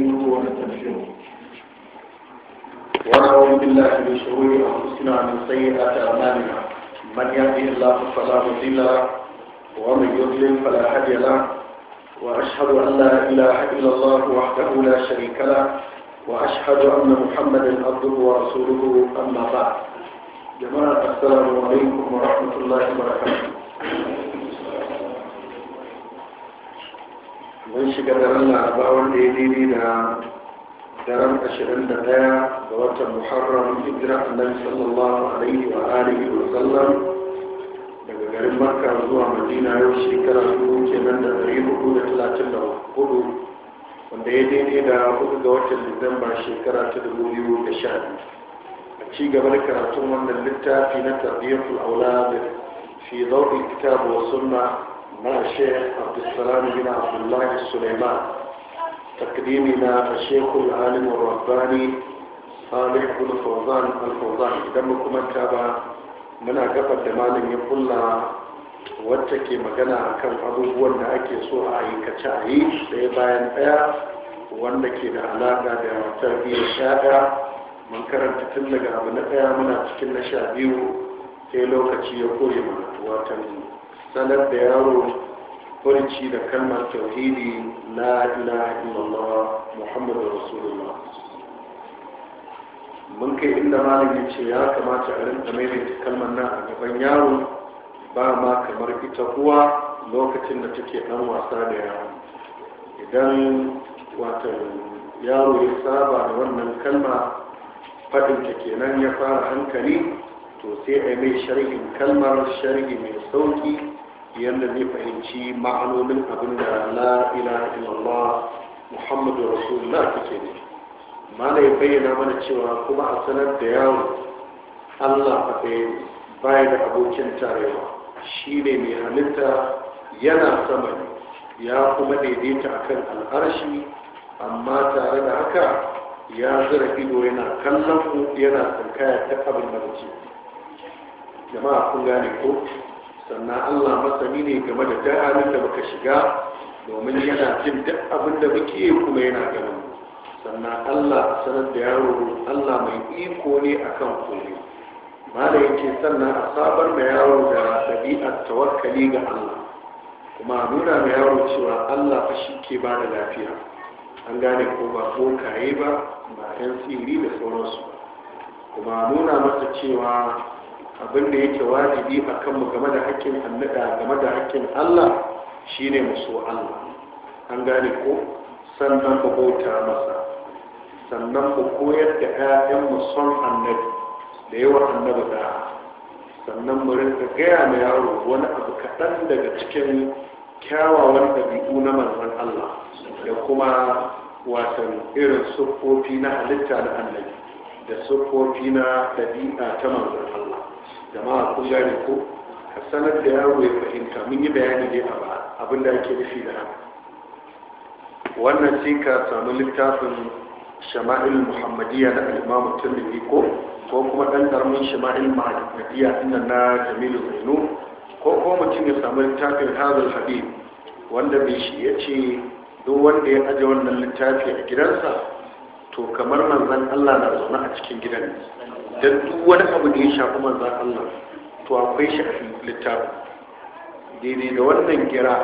نستعينه ونستغفره ونعوذ بالله من شرور انفسنا ومن سيئات اعمالنا من يهده الله فلا مضل له ومن يضلل فلا هادي له واشهد ان لا اله الا الله وحده لا شريك له واشهد ان محمدا عبده ورسوله اما بعد جماعه السلام عليكم ورحمه الله وبركاته mun shiga daren laraba wanda ya daidai da daren ashirin da ɗaya ga watan muharram hijira annabi sallallahu alaihi wa alihi wa sallam daga garin makka zuwa madina yau shekara dubu kenan da dari hudu da talatin da hudu wanda ya daidai da hudu ga watan disamba shekara ta dubu biyu da sha a ci gaba da karatun wannan littafi na tarbiyyar aula fi zauɗin kitabu wa sunna مع الشيخ عبد السلام بن عبد الله السليمان تقديمنا الشيخ العالم الرباني صالح بن muna الفوزاني da الكعبة ya أقبل دمال ke magana kan abubuwan da ake so a aikace a yi ɗaya bayan ɗaya wanda ke da alaƙa da tarbiyyar sha ɗaya mun karanta tun daga abu na ɗaya muna cikin na biyu sai lokaci ya koyi mana watan sanar da yaro kurci da kalmar tauhidi la ilaha illallah muhammadu rasulullah mun kai inda malam ya ce ya kamata a rinka maimaita kalmar nan a gaban yaro ba ma kamar ita kuwa lokacin da take dan wasa da yaro idan watan yaro ya saba da wannan kalma faɗin ta kenan ya fara hankali to sai a mai sharhin kalmar sharhi mai sauki yadda zai fahimci ma'anonin abin da la ilaha illallah muhammadu rasulullah take ne mana ya bayyana mana cewa kuma a sanar da yawon allah a baya da abokin tarewa shi ne mai halitta yana sama ne ya kuma daidaita akan al'arshi amma tare da haka ya zira ido yana kallon yana tsinkaya ta abin da mace jama'a kun gane ko sannan allah masani ne game da duk halin da muka shiga domin yana jin duk abin da muke kuma yana ganin sannan allah sanar da yaro allah mai iko ne akan komai mala yake sannan a sabar da yaro da ɗabi'ar tawakkali ga allah kuma nuna mai yaro cewa allah fa shi ke ba da lafiya an gane ko ba ko kaye ba ba yan tsiri da sauransu kuma nuna masa cewa abin da yake wajibi a kanmu game da hakkin annada game da hakkin Allah shine musu so Allah an gane ko sannan ku bauta masa sannan ku koyar da ƴaƴan mu son annabi da yawa annabi da sannan mu rinka gaya ma yaro wani abu kaɗan daga cikin kyawawan ɗabi'u na manzon Allah da kuma wasan irin siffofi na halitta na annabi da siffofi na ɗabi'a ta manzon Allah jama'a kun gane ko a sanar da yaro ya fahimta mun yi bayani ne a abin da ake nufi da haka wannan sai ka samu littafin shama'il muhammadiyya na al tirmidhi ko ko kuma dan karamin shama'il muhammadiyya ina na jamilu zainu ko ko mutum ya samu littafin hazal habib wanda bai shi ya ce duk wanda ya aje wannan littafi a gidansa to kamar manzon Allah na zaune a cikin gidan ne don duk wani abu da ya shafi manzan Allah to akwai shi a littafin daidai da wannan gira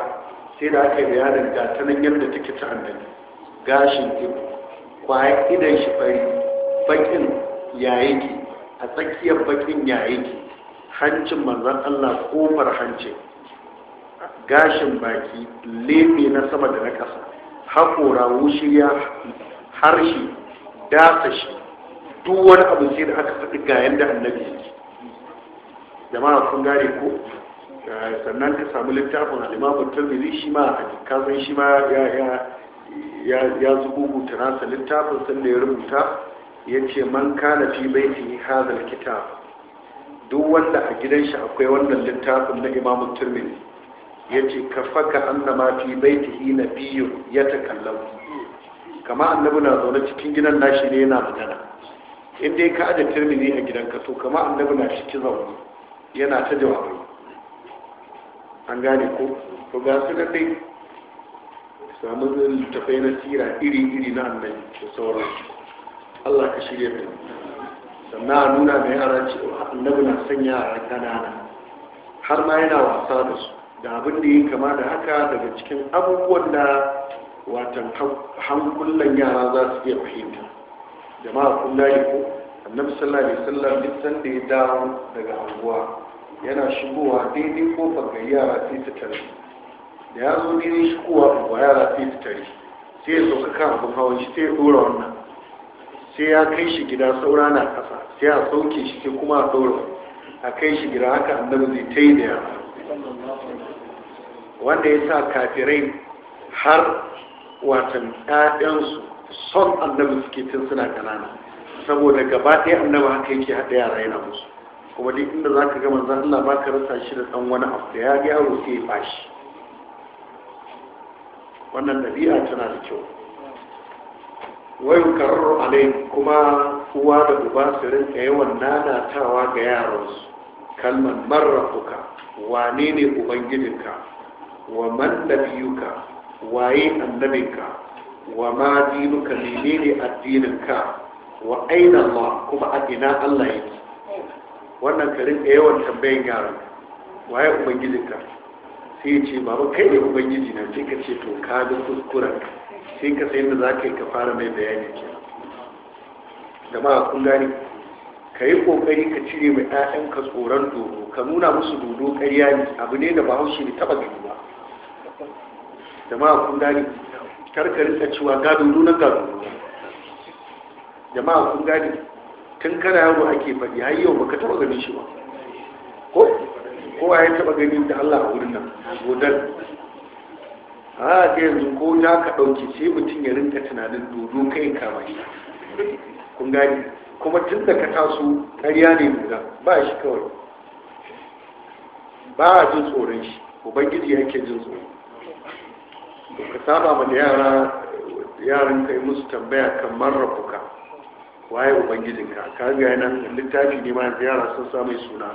sai da aka yi bayanin ga ta nan yadda take ta annabi gashin ido kwayan idan shi fari bakin ya yake a tsakiyar bakin ya yake hancin manzan Allah kofar hancin gashin baki lebe na sama da na ƙasa haƙora wushiya harshe dasa shi duk wani abu sai da aka faɗi ga yanda annabi yake jama'a sun gane ko sannan ka samu littafin alimamu tirmidhi shi ma ka Kasan shi ma ya ya ya nasa littafin da ya rubuta ya ce man kana fi baiti hadal kitab duk wanda a gidan shi akwai wannan littafin na imamu tirmidhi ya ce ka faka annama fi na biyu. ya kallon kama annabi na zaune cikin gidan nashi ne yana magana in dai ka aje tirmidhi a gidanka to kama annabi na shi ki zaune yana ta jawabai an gane ko to ga su nan dai samu littafai na tsira iri iri na annan da sauran Allah ka shirya mai sannan a nuna mai yara cewa annabi na sanya a kanana har ma yana wasa da su da abin da ya kama da haka daga cikin abubuwan da watan hankulan yara za su iya fahimta jama'a kun layi ko annabi sallallahu alaihi wasallam duk sanda ya dawo daga anguwa yana shigowa daidai ko ga yara sai ta tare da ya zo daidai shigowa anguwa yara sai ta tare sai ya sauka kan abin hawan shi sai ya dora wannan sai ya kai shi gida saura na kasa sai a sauke shi sai kuma a dora a kai shi gida haka annabi zai ta yi da yara wanda ya sa kafirai har watan 'ya'yansu son annabi suke tun suna kanana saboda gaba ɗaya annabi haka yake haɗa yara yana musu kuma duk inda za ka gama zan Allah baka rasa shi da ɗan wani abu da ya ga yaro sai ya bashi wannan ɗabi'a tana da kyau wayo kararru alai kuma uwa da uba su rinka yawan nanatawa ga yaransu kalmar marrafuka wane ne ubangijinka wa man nabiyuka waye annabinka wa ma dinuka menene addininka wa aina Allah kuma addina Allah yake wannan ka rinka yawan tambayin yaran waye ubangijinka sai ya ce baba kai ne ubangiji na sai ka ce to ka ga kuskuren sai ka sayin da za ka yi ka fara mai bayani ke jama'a kun gani ka yi kokari ka cire mai ka tsoron dodo ka nuna musu dodo ƙarya ne abu ne da ba haushi ne taɓa gani ba jama'a kun gani karkari a cewa gado nuna gado jama'a kun gadi tun kana yaro ake faɗi har yau baka taɓa ganin shi ba ko a ya taɓa ganin da Allah a wurin nan godan a ta yanzu ko ya ka ɗauki sai mutum ya rinka tunanin dodo kai kama shi kun gadi kuma tun da ka taso ƙarya ne nuna ba shi kawai ba a jin tsoron shi ubangiji yake jin tsoron ka saba ma da yara yaran kai musu tambaya kamar rabuka waye ubangijinka ka ga yana littafi ne ma da yara sun samu suna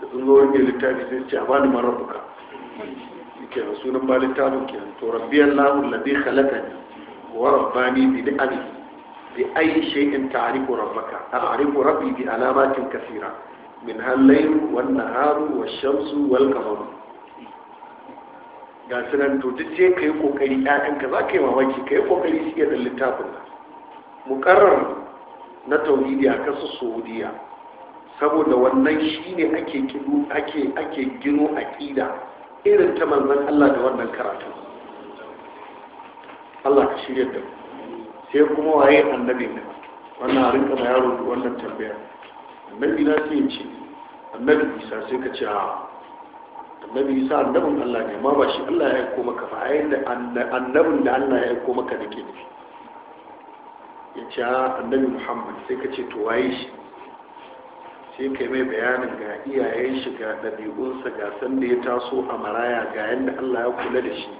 da sun zo wani littafi sai ce a bani man ke ke sunan ba littafin ke to rabbi allahu ladhi khalaqani wa rabbani bi ni'ami bi ayi shay'in ta'rifu rabbaka a'rifu rabbi bi alamatin kaseera min hal layl wan naharu wash shamsu wal qamaru ga su nan to duk je ka yi kokari ɗayanka za ka yi mamaki ka yi kokari shi iya da littafin nan muƙarrar na tauhidi a ƙasar saudiya saboda wannan shi ne ake gino aqida irin ta manzon allah da wannan karatu allah ka shirya da sai kuma waye annabi ne wannan a rinka ma yaro wannan tambaya annabi na ce annabi isa sai ka ce a annabi sa annabin allah ne ma ba shi allah ya aiko maka fa a da annabin da allah ya aiko maka da ke nufi ya ce ah, annabi muhammad sai ka ce to waye shi sai ka mai bayanin ga iyayen shi ga ɗabi'unsa ga sanda ya taso a maraya ga yadda allah ya kula da shi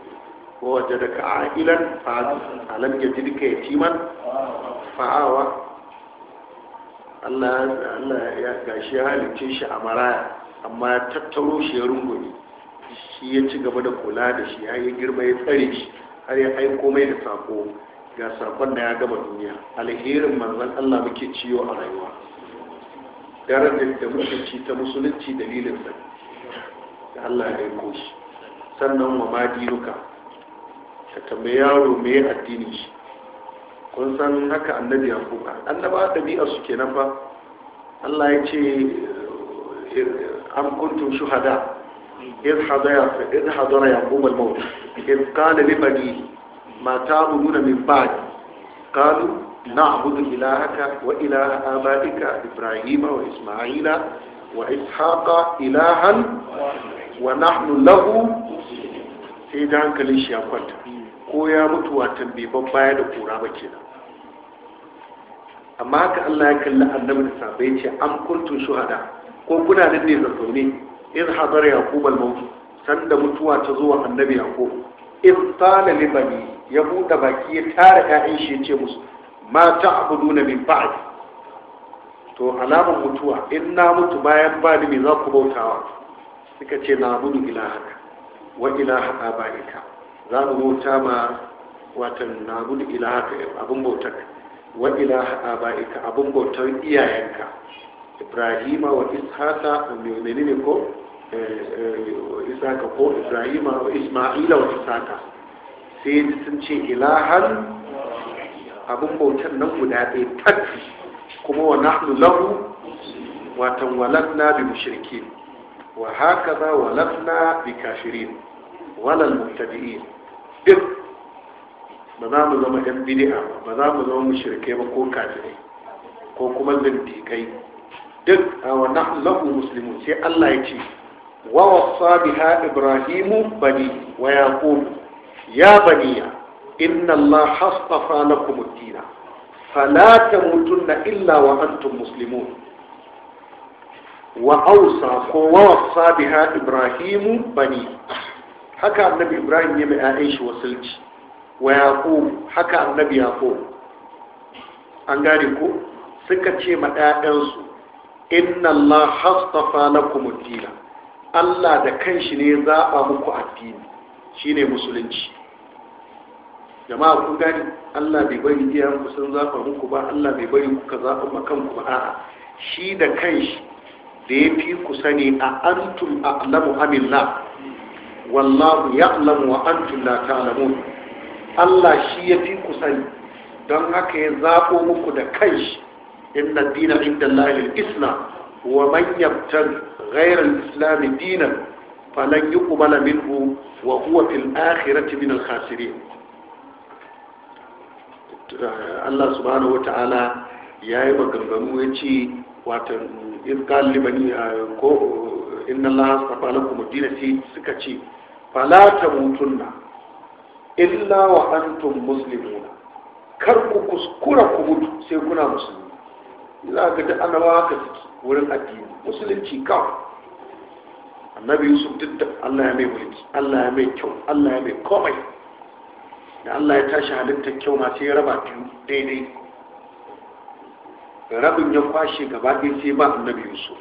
ko da a ailan alam ya ji duka yatiman fa'awa allah ya gashi ya halicce shi a maraya amma ya tattaro shi ya rungume shi ya ci gaba da kula da shi ya yi girma ya tsare shi har ya aiko mai da sako ga sakon da ya gaba duniya alherin manzon Allah muke ciyo a rayuwa darajar da muke ci ta musulunci dalilin sa da Allah ya aiko shi sannan wa ma dinuka ka tambayi yaro me addinin shi kun san haka annabi ya kuka annaba bi'a su kenan fa Allah ya ce أم كنتم شهداء إذ حضر يقوم الموت إذ قال لبنيه ما تعبدون من بعد قالوا نعبد إلهك وإله آبائك إبراهيم sai da hankalin shi ya kwanta ko ya mutu a tambeban baya da kura ba ke nan amma haka allah ya kalli annabi da sabai ce shuhada ko kuna nan ne zazzaune in hadar yaqub al-maut sanda mutuwa ta zuwa annabi yaqub in qala libani bani ya buɗe baki ya tara ƴaƴan shi ya ce musu ma ta'buduna min ba'd to alamar mutuwa in na mutu bayan ba ni me za ku bautawa suka ce na budu ilahaka wa ilaha abaika za mu bauta ma watan na budu ilahaka abin bautar wa ilaha abaika abin bautar iyayenka ibrahima wa ishaqa ne ko eh, eh, ishaqa ko ibrahima wa isma'ila wa ishaqa sai sun ce ilahan abin bautan nan guda ɗaya tafi kuma wa nahnu lahu watan walatna bi mushrikin wa hakaza walatna bi kafirin walal mutabi'in duk ba za mu zama ɗan bid'a ba za mu zama mushrike ba ko kafirai ko kuma zindikai duk a wannan lahu muslimu sai Allah ya ce wa wasa biha ibrahimu bani wa yaqub ya baniya inna Allah hastafa lakum ad-dina fala tamutunna illa wa antum muslimun wa awsa ko wa wasa biha ibrahimu bani haka annabi ibrahim ya mai ayan shi wasulci wa yaqub haka annabi yaqub an gane ko suka ce ma ɗayan su. inna Allah hastafa na ad-dina Allah da kanshi ne zaɓa muku addini shine musulunci jama'a kun gani Allah bai bari iyayenku sun zaɓa muku ba Allah bai bari ku ka zaba makanku ba a shi da kanshi da ya fi ku sani a antum a'lamu amillah wallahu alamu wa antum la alamu Allah shi ya fi ku sani don haka ya zaɓo muku da kanshi inna dina inda lahil islam wa man yabtar ghairar islami dinan falan yi kumala minhu wa huwa fil akhirati min al-khasirin Allah subhanahu wa ta'ala ya yi maganganu ya ce watan izkal libani ko inna Allah astafa lakum ad-din suka ce fala tamutunna illa wa antum muslimuna ku kuskura ku mutu sai kuna musulmi za ga duk annabawa ka ciki wurin addini musulunci kawai annabi yusuf duk da allah ya mai mulki allah ya mai kyau allah ya mai komai da allah ya tashi halitta kyau masu ya raba biyu daidai rabin ya kwashe gaba ɗaya sai ba annabi yusuf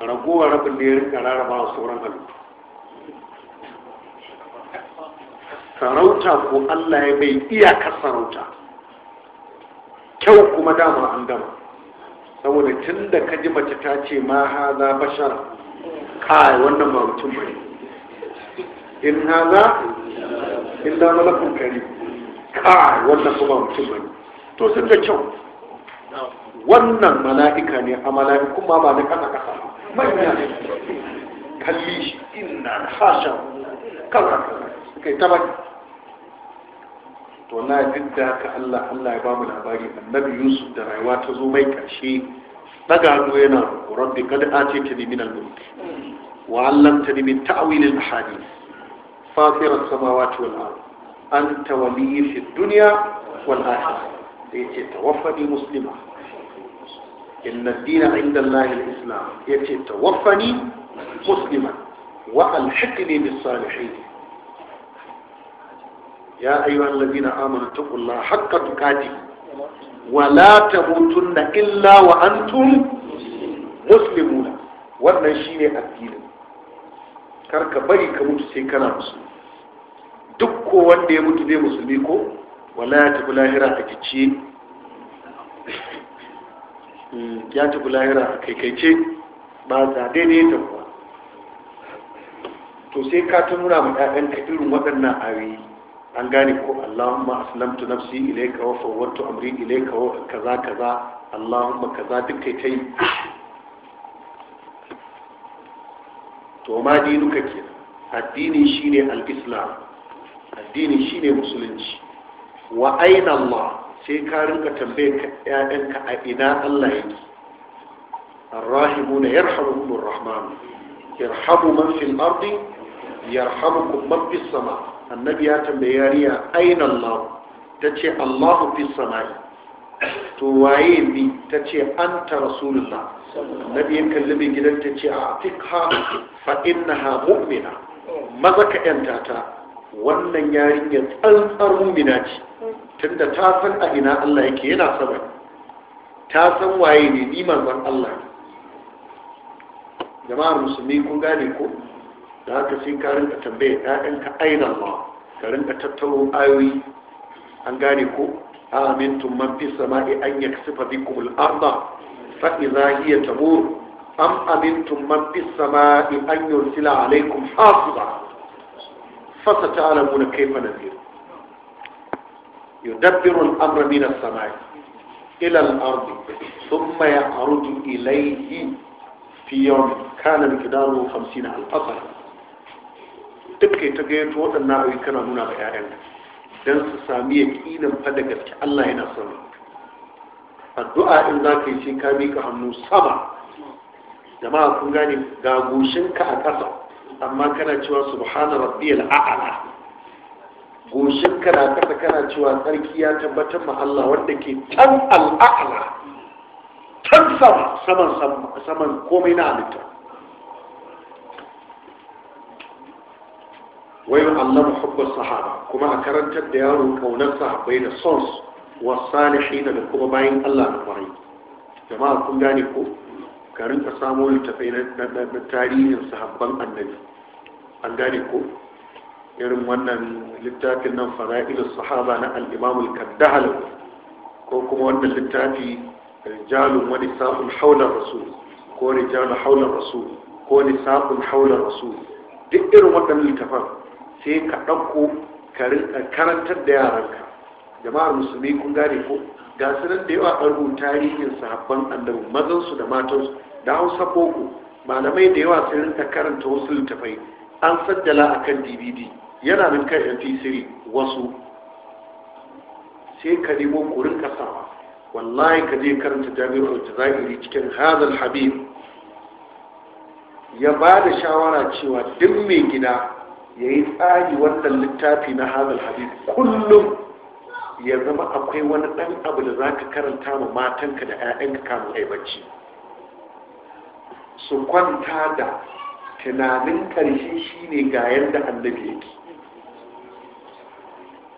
ragowar rabin da ya rinka rarraba wa sauran halittu sarauta ko allah ya mai iyakar sarauta kyau kuma dama an gama saboda tun da ka ji mace ta ce ma haza bashar kai wannan ba mutum ba in za in da malakun kari kai wannan ba mutum ba to sun da kyau wannan mala'ika ne a mala'iku ma ba na kasa kasa manya kalli shi inna hasha kan kai ta to na duk da haka Allah Allah ya ba mu labari annabi Yusuf da rayuwa ta zo mai karshe daga hannu yana rabbi kad atitani min al-mulk wa 'allamtani min ta'wil al-ahadith fatir as-samawati wal ard anta waliyyi fi dunya wal akhirah yace tawaffani muslima inna ad-dina 'inda Allah al-islam yace tawaffani musliman wa alhiqni bis salihin يا أيها الذين آمنوا اتقوا الله حق تقاته ولا تموتن إلا وأنتم مسلمون wannan shine addinin karka bari ka mutu sai kana musulmi duk ko wanda ya mutu bai musulmi ko wala ya tafi lahira a kice ya tafi lahira a kaikaice ba za daidai ta kuwa to sai ka ta nuna ma ka irin waɗannan ayoyi an gane ko allahumma aslamtu nafsi ilayka wa fawwadtu amri ilayka wa kaza kaza allahumma kaza duk kai tai to ma dinuka ke, addini shine al-islam addini shine musulunci wa aina allah sai ka rinka tambaye ka ƴaƴanka a ina allah yake الراحمون يرحمهم الرحمن يرحم من في الأرض يرحمكم من في السماء annabi ya tambaye yariya aina Allah ta ce Allahu fi samai to waye bi ta ce an ta rasulullah annabi ya kalli mai gidan ta ce a fiqha fa innaha mu'mina maza ka yanta ta wannan yarinya tsantsar mu'mina ce tunda ta san a ina Allah yake yana sama ta san waye ne ni manzon Allah jama'ar musulmi kun gane ko لأنك سينكارن أنت أين الله كارن أتتلو آوي أنقانكو آمنتم من في السماء أن يكسف بكم الأرض فإذا هي تمور أم أمنتم من في السماء أن يرسل عليكم حافظا فستعلمون كيف نذير يدبر الأمر من السماء إلى الأرض ثم يعرض إليه في يوم كان مقداره خمسين ألف أصلاً duk kai ta gayyato waɗannan abu kana nuna a 'ya'yan don su sami yaƙinin fa da gaske Allah yana son addu'a in za ka yi sai ka miƙa hannu sama jama'a kun gane ga goshinka a ƙasa amma kana cewa subhana rabbiyal a'la goshinka na ƙasa kana cewa tsarki ya tabbatar ma Allah wanda ke tan al'a'ala tan sama saman saman komai na halitta wai allama hubbar sahaba kuma a karantar da yaro kaunar sahabai da sons wasalihi da kuma bayan Allah da kwarai jama'a kun gane ko ka samo littafai na tarihin sahabban annabi an gane ko irin wannan littafin nan fara'ilus sahaba na al-imam al-kaddahal ko kuma wannan littafi rijalun wani sa'un haular rasul ko rijalun haular rasul ko nisa'un haular rasul duk irin waɗannan littafan sai ka ɗauko ka karantar da yaranka jama'ar musulmi kun gane ko ga su nan da yawa an rubuta tarihin sahabban annabi mazansu da matansu da hausa boko malamai da yawa sai rinka karanta wasu littafai an sajjala a kan dvd yana min kan mp3 wasu sai ka nemo kurin kasawa wallahi ka je karanta jami'ar Zahiri cikin hazal habib ya ba da shawara cewa duk mai gida ya yi tsari wannan littafi na hazal hadis kullum ya zama akwai wani ɗan abu da za ka karanta ma matanka da 'ya'yanka kamun ai bacci su kwanta da tunanin ƙarshe shi ne ga yadda annabi yake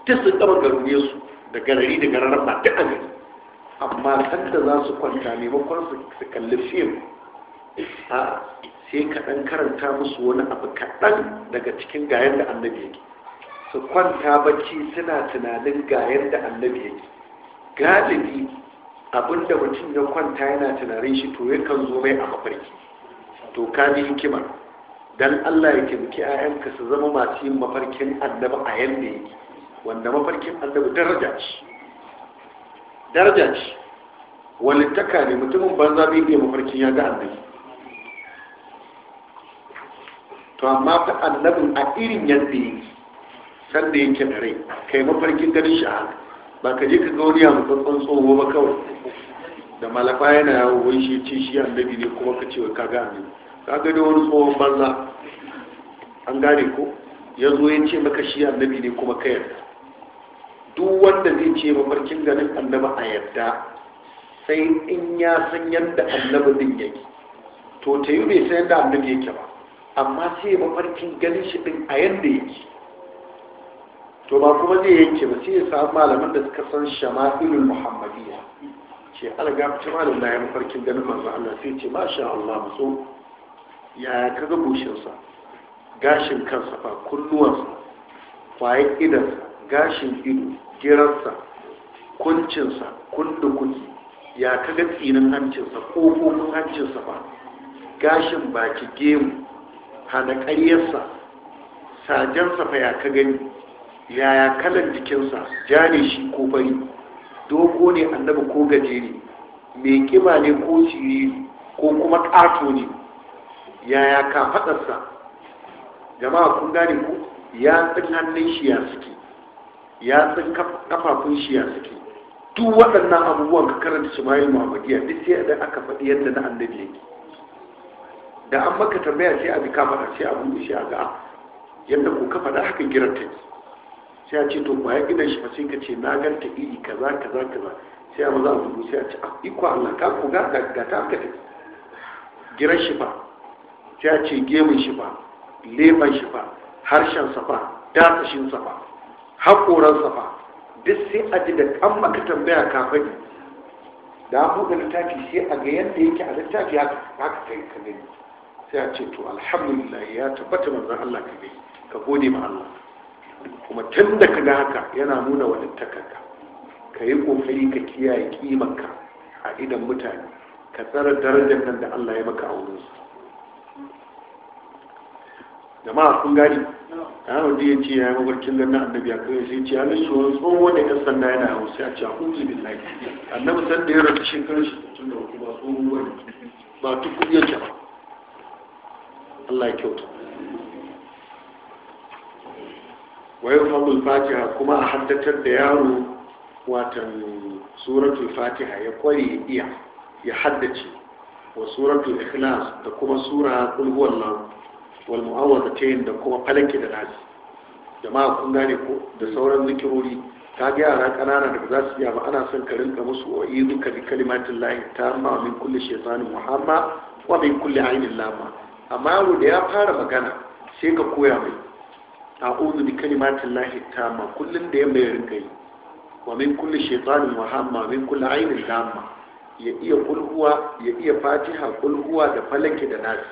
ta su ɗaba garuwe su da garari da gararar ba duk gari amma sanda za su kwanta maimakon su kalli fim sai ka ɗan karanta musu wani abu kaɗan daga cikin gayen da annabi yake su kwanta bacci suna tunanin gayen da annabi yake galibi abin da mutum ya kwanta yana tunanin shi to kan zo mai a mafarki to ka ji hikima dan Allah ya taimaki 'ya'yanka su zama masu yin mafarkin annabi a yanda yake wanda mafarkin annabi daraja ce daraja ce walittaka ne mutumin banza bai iya mafarkin ya ga annabi to amma ta annabin a irin yadda yake sanda yake da rai kai mafarkin ganin shi a ba ka je ka ga wani yanzu tsantsan tsoho ba kawai da malafa yana yawo wani shi ce shi annabi ne kuma ka ce wa ka gane ka ga da wani tsohon banza an gane ko ya zo ya ce maka shi annabi ne kuma ka yarda duk wanda zai ce mafarkin ganin annaba a yarda sai in ya san yadda annaba din yake to ta yi bai san yadda annabi yake ba amma sai ya mafarkin ganin shi ɗin a yadda yake to ba kuma zai yanke ba sai ya samu malaman da suka san shama'ilul muhammadiyya ce alga ta malam na ya mafarkin ganin manzo Allah sai ce masha Allah maso ya ka ga bushinsa gashin kansa fa kunnuwansa kwayan idansa gashin ido giransa, kuncinsa kundukuki ya ka ga tsinin hancinsa ƙofofin hancinsa fa gashin baki gemu hana ƙaryarsa sajensa fa ya ka gani yaya kalan jikinsa ja ne shi ko fari dogo ne annabi ko gajere mai ƙiba ne ko siriri ko kuma ƙato ne yaya ka faɗarsa jama'a kun gane ku ya tsin hannun shi ya suke ya tsin kafafun shi ya suke duk waɗannan abubuwan ka karanta shimayin muhammadiyya duk sai da aka faɗi yadda na annabi yake da an maka tambaya sai a bi kamara sai a buɗe shi a ga yadda ko kafa da haka girar ta sai a ce to bayan gidan shi sai ka ce na ganta iri kaza kaza kaza sai a maza a sai a ce a ah, iko Allah ka ku ga ga ta haka ta girar shi fa sai a ce gemun shi fa leban shi fa harshen sa fa dasashin sa fa haƙoran sa fa duk sai a ji da an maka tambaya kafin da an buɗe littafi sai a ga yadda yake a littafi haka haka kai ka gani sai a ce to alhamdulillah ya tabbata manzon Allah ka gai ka gode ma Allah kuma tun da ka ga haka yana nuna walittakarka ka yi kokari ka kiyaye kimanka a idan mutane ka tsara darajar nan da Allah ya maka a wurin su jama'a kun gani yaro wanda ya ce ya yi mabarkin nan na annabi a kai sai ce ya nishi wani tsohon da yan sanda yana sai a ce a huzu bin annabi sanda ya rasu shekarar shi tun da ba tsohon wani ba tukun yanke ba Allah ya kyauta fatiha kuma a haddatar da yaro watan suratul fatiha ya kware ya iya ya haddace wa suratul ikhlas da kuma sura ulhuwallahu wal mu'awwadatain da kuma falaki da nasi jama'a kun gane ko da sauran zikirori ta ga yara kanana da za su iya ba ana son ka rinka musu wa izuka bi kalimatin lahi ta amma min kulli shaytanin muhamma wa min kulli ainin lama amma yaro da ya fara magana sai ka koya mai a uzu bi kalimatin lahi ma kullum da ya mai rinka yi wa min kulli shaytanin muhamma min kulli ainihin lamma ya iya kulhuwa ya iya fatiha kulhuwa da falake da nasi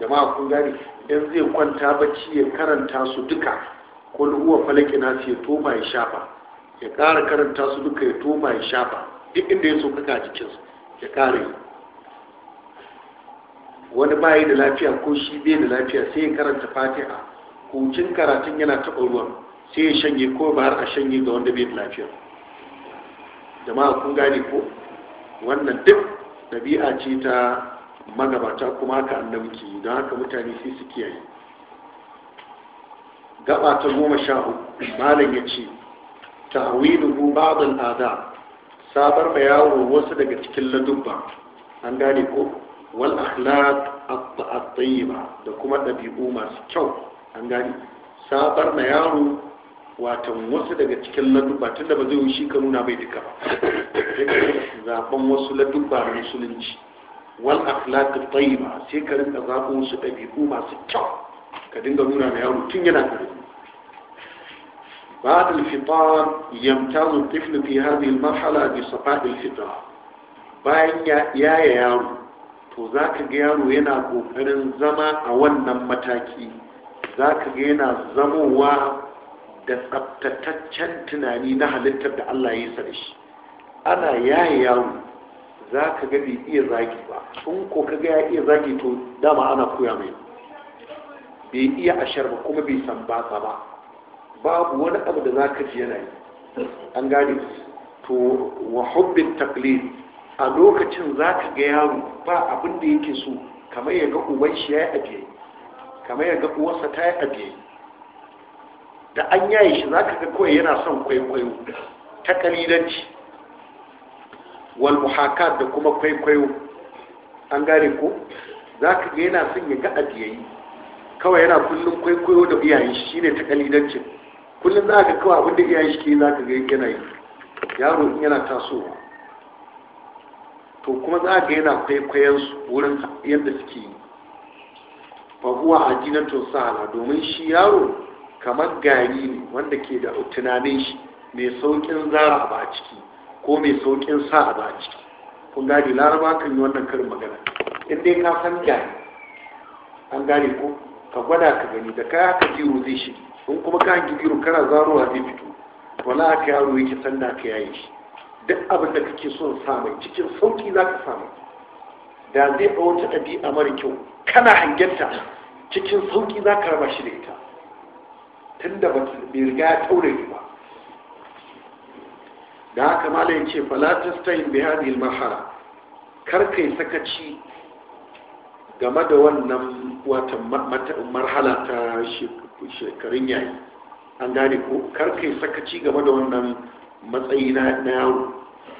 jama'a kun gani in zai kwanta bacci ya karanta su duka kulhuwa falake nasi ya toma ya shafa ya ƙara karanta su duka ya toma ya shafa duk inda ya so kaka jikinsu ya ƙara yi wani bayi da lafiya ko shi bai da lafiya sai ya karanta fatiha hucin karatun yana taɓa ruwan sai ya shanye ko ba har a shanye ga wanda bai da lafiya jama'a kun gane ko wannan duk ɗabi'a ce ta magabata kuma haka annabi ke yi don haka mutane sai su kiyaye gaba ta goma sha uku malam ya ce ta'awiluhu ba'd al-adab sabar ma yawo wasu daga cikin ladubba an gane ko wal akhlaq at-tayyiba da kuma ɗabi'u masu kyau an gani sabar na yaro watan wasu daga cikin ladubba tun da ba zai shi ka nuna bai duka ba zaben wasu ladubba na musulunci wal akhlaq tayyiba sai ka rinka zaɓo wasu ɗabi'u masu kyau ka dinga nuna na yaro tun yana karami بعد الفطار يمتاز الطفل في هذه المرحلة بصفاء الفطرة Bayan ya يا yaro. to za ka ga yaro yana ƙoƙarin zama a wannan mataki za ka ga yana zamowa da tsabtataccen tunani na halittar da Allah ya sa da shi ana yaye yaro za ka ga bai iya zagi ba sun ko ka ga ya iya zagi to dama ana koya mai bai iya ashar ba kuma bai san batsa ba babu wani abu da za ka ji yana yi an gane to wa hubbin taklid a lokacin za ka ga yaro ba abin da yake so kamar ya ga uban shi ya yi abiyayi kamar ya ga uwarsa ta yi abiyayi da an yaye shi za ka ga kawai yana son kwaikwayo ta kalilanci wal muhakat da kuma kwaikwayo an gane ko za ka ga yana son ya ga abiyayi kawai yana kullum kwaikwayo da iyayen shi shine ta kalilancin kullum za ka kawai abin da iyayen shi ke za ka ga yana yi yaro in yana tasowa to kuma za ga yana kwaikwayon su wurin yadda suke yi fa huwa ajinatun sahla domin shi yaro kamar gari ne wanda ke da tunanin shi mai saukin zara ba a ciki ko mai saukin sa ba a ciki kun gari laraba kan yi wannan karin magana in dai ka san gari an gane ko ka gwada ka gani da kaya ka jiro zai shi in kuma ka hangi biro kana zarowa zai fito wala aka yaro yake sanda ka yayi shi duk abin da kake son samu cikin sauki za ka samu da zai a wata ɗabi'a mara kyau kana hangenta cikin sauki za ka raba shi da ita tun da bai riga ya taure ba da haka mala ya ce falatis ta yin bihari ilmahara karkai sakaci game da wannan wata marhala ta shekarun yayi an gane ko karkai sakaci game da wannan matsayi na yaro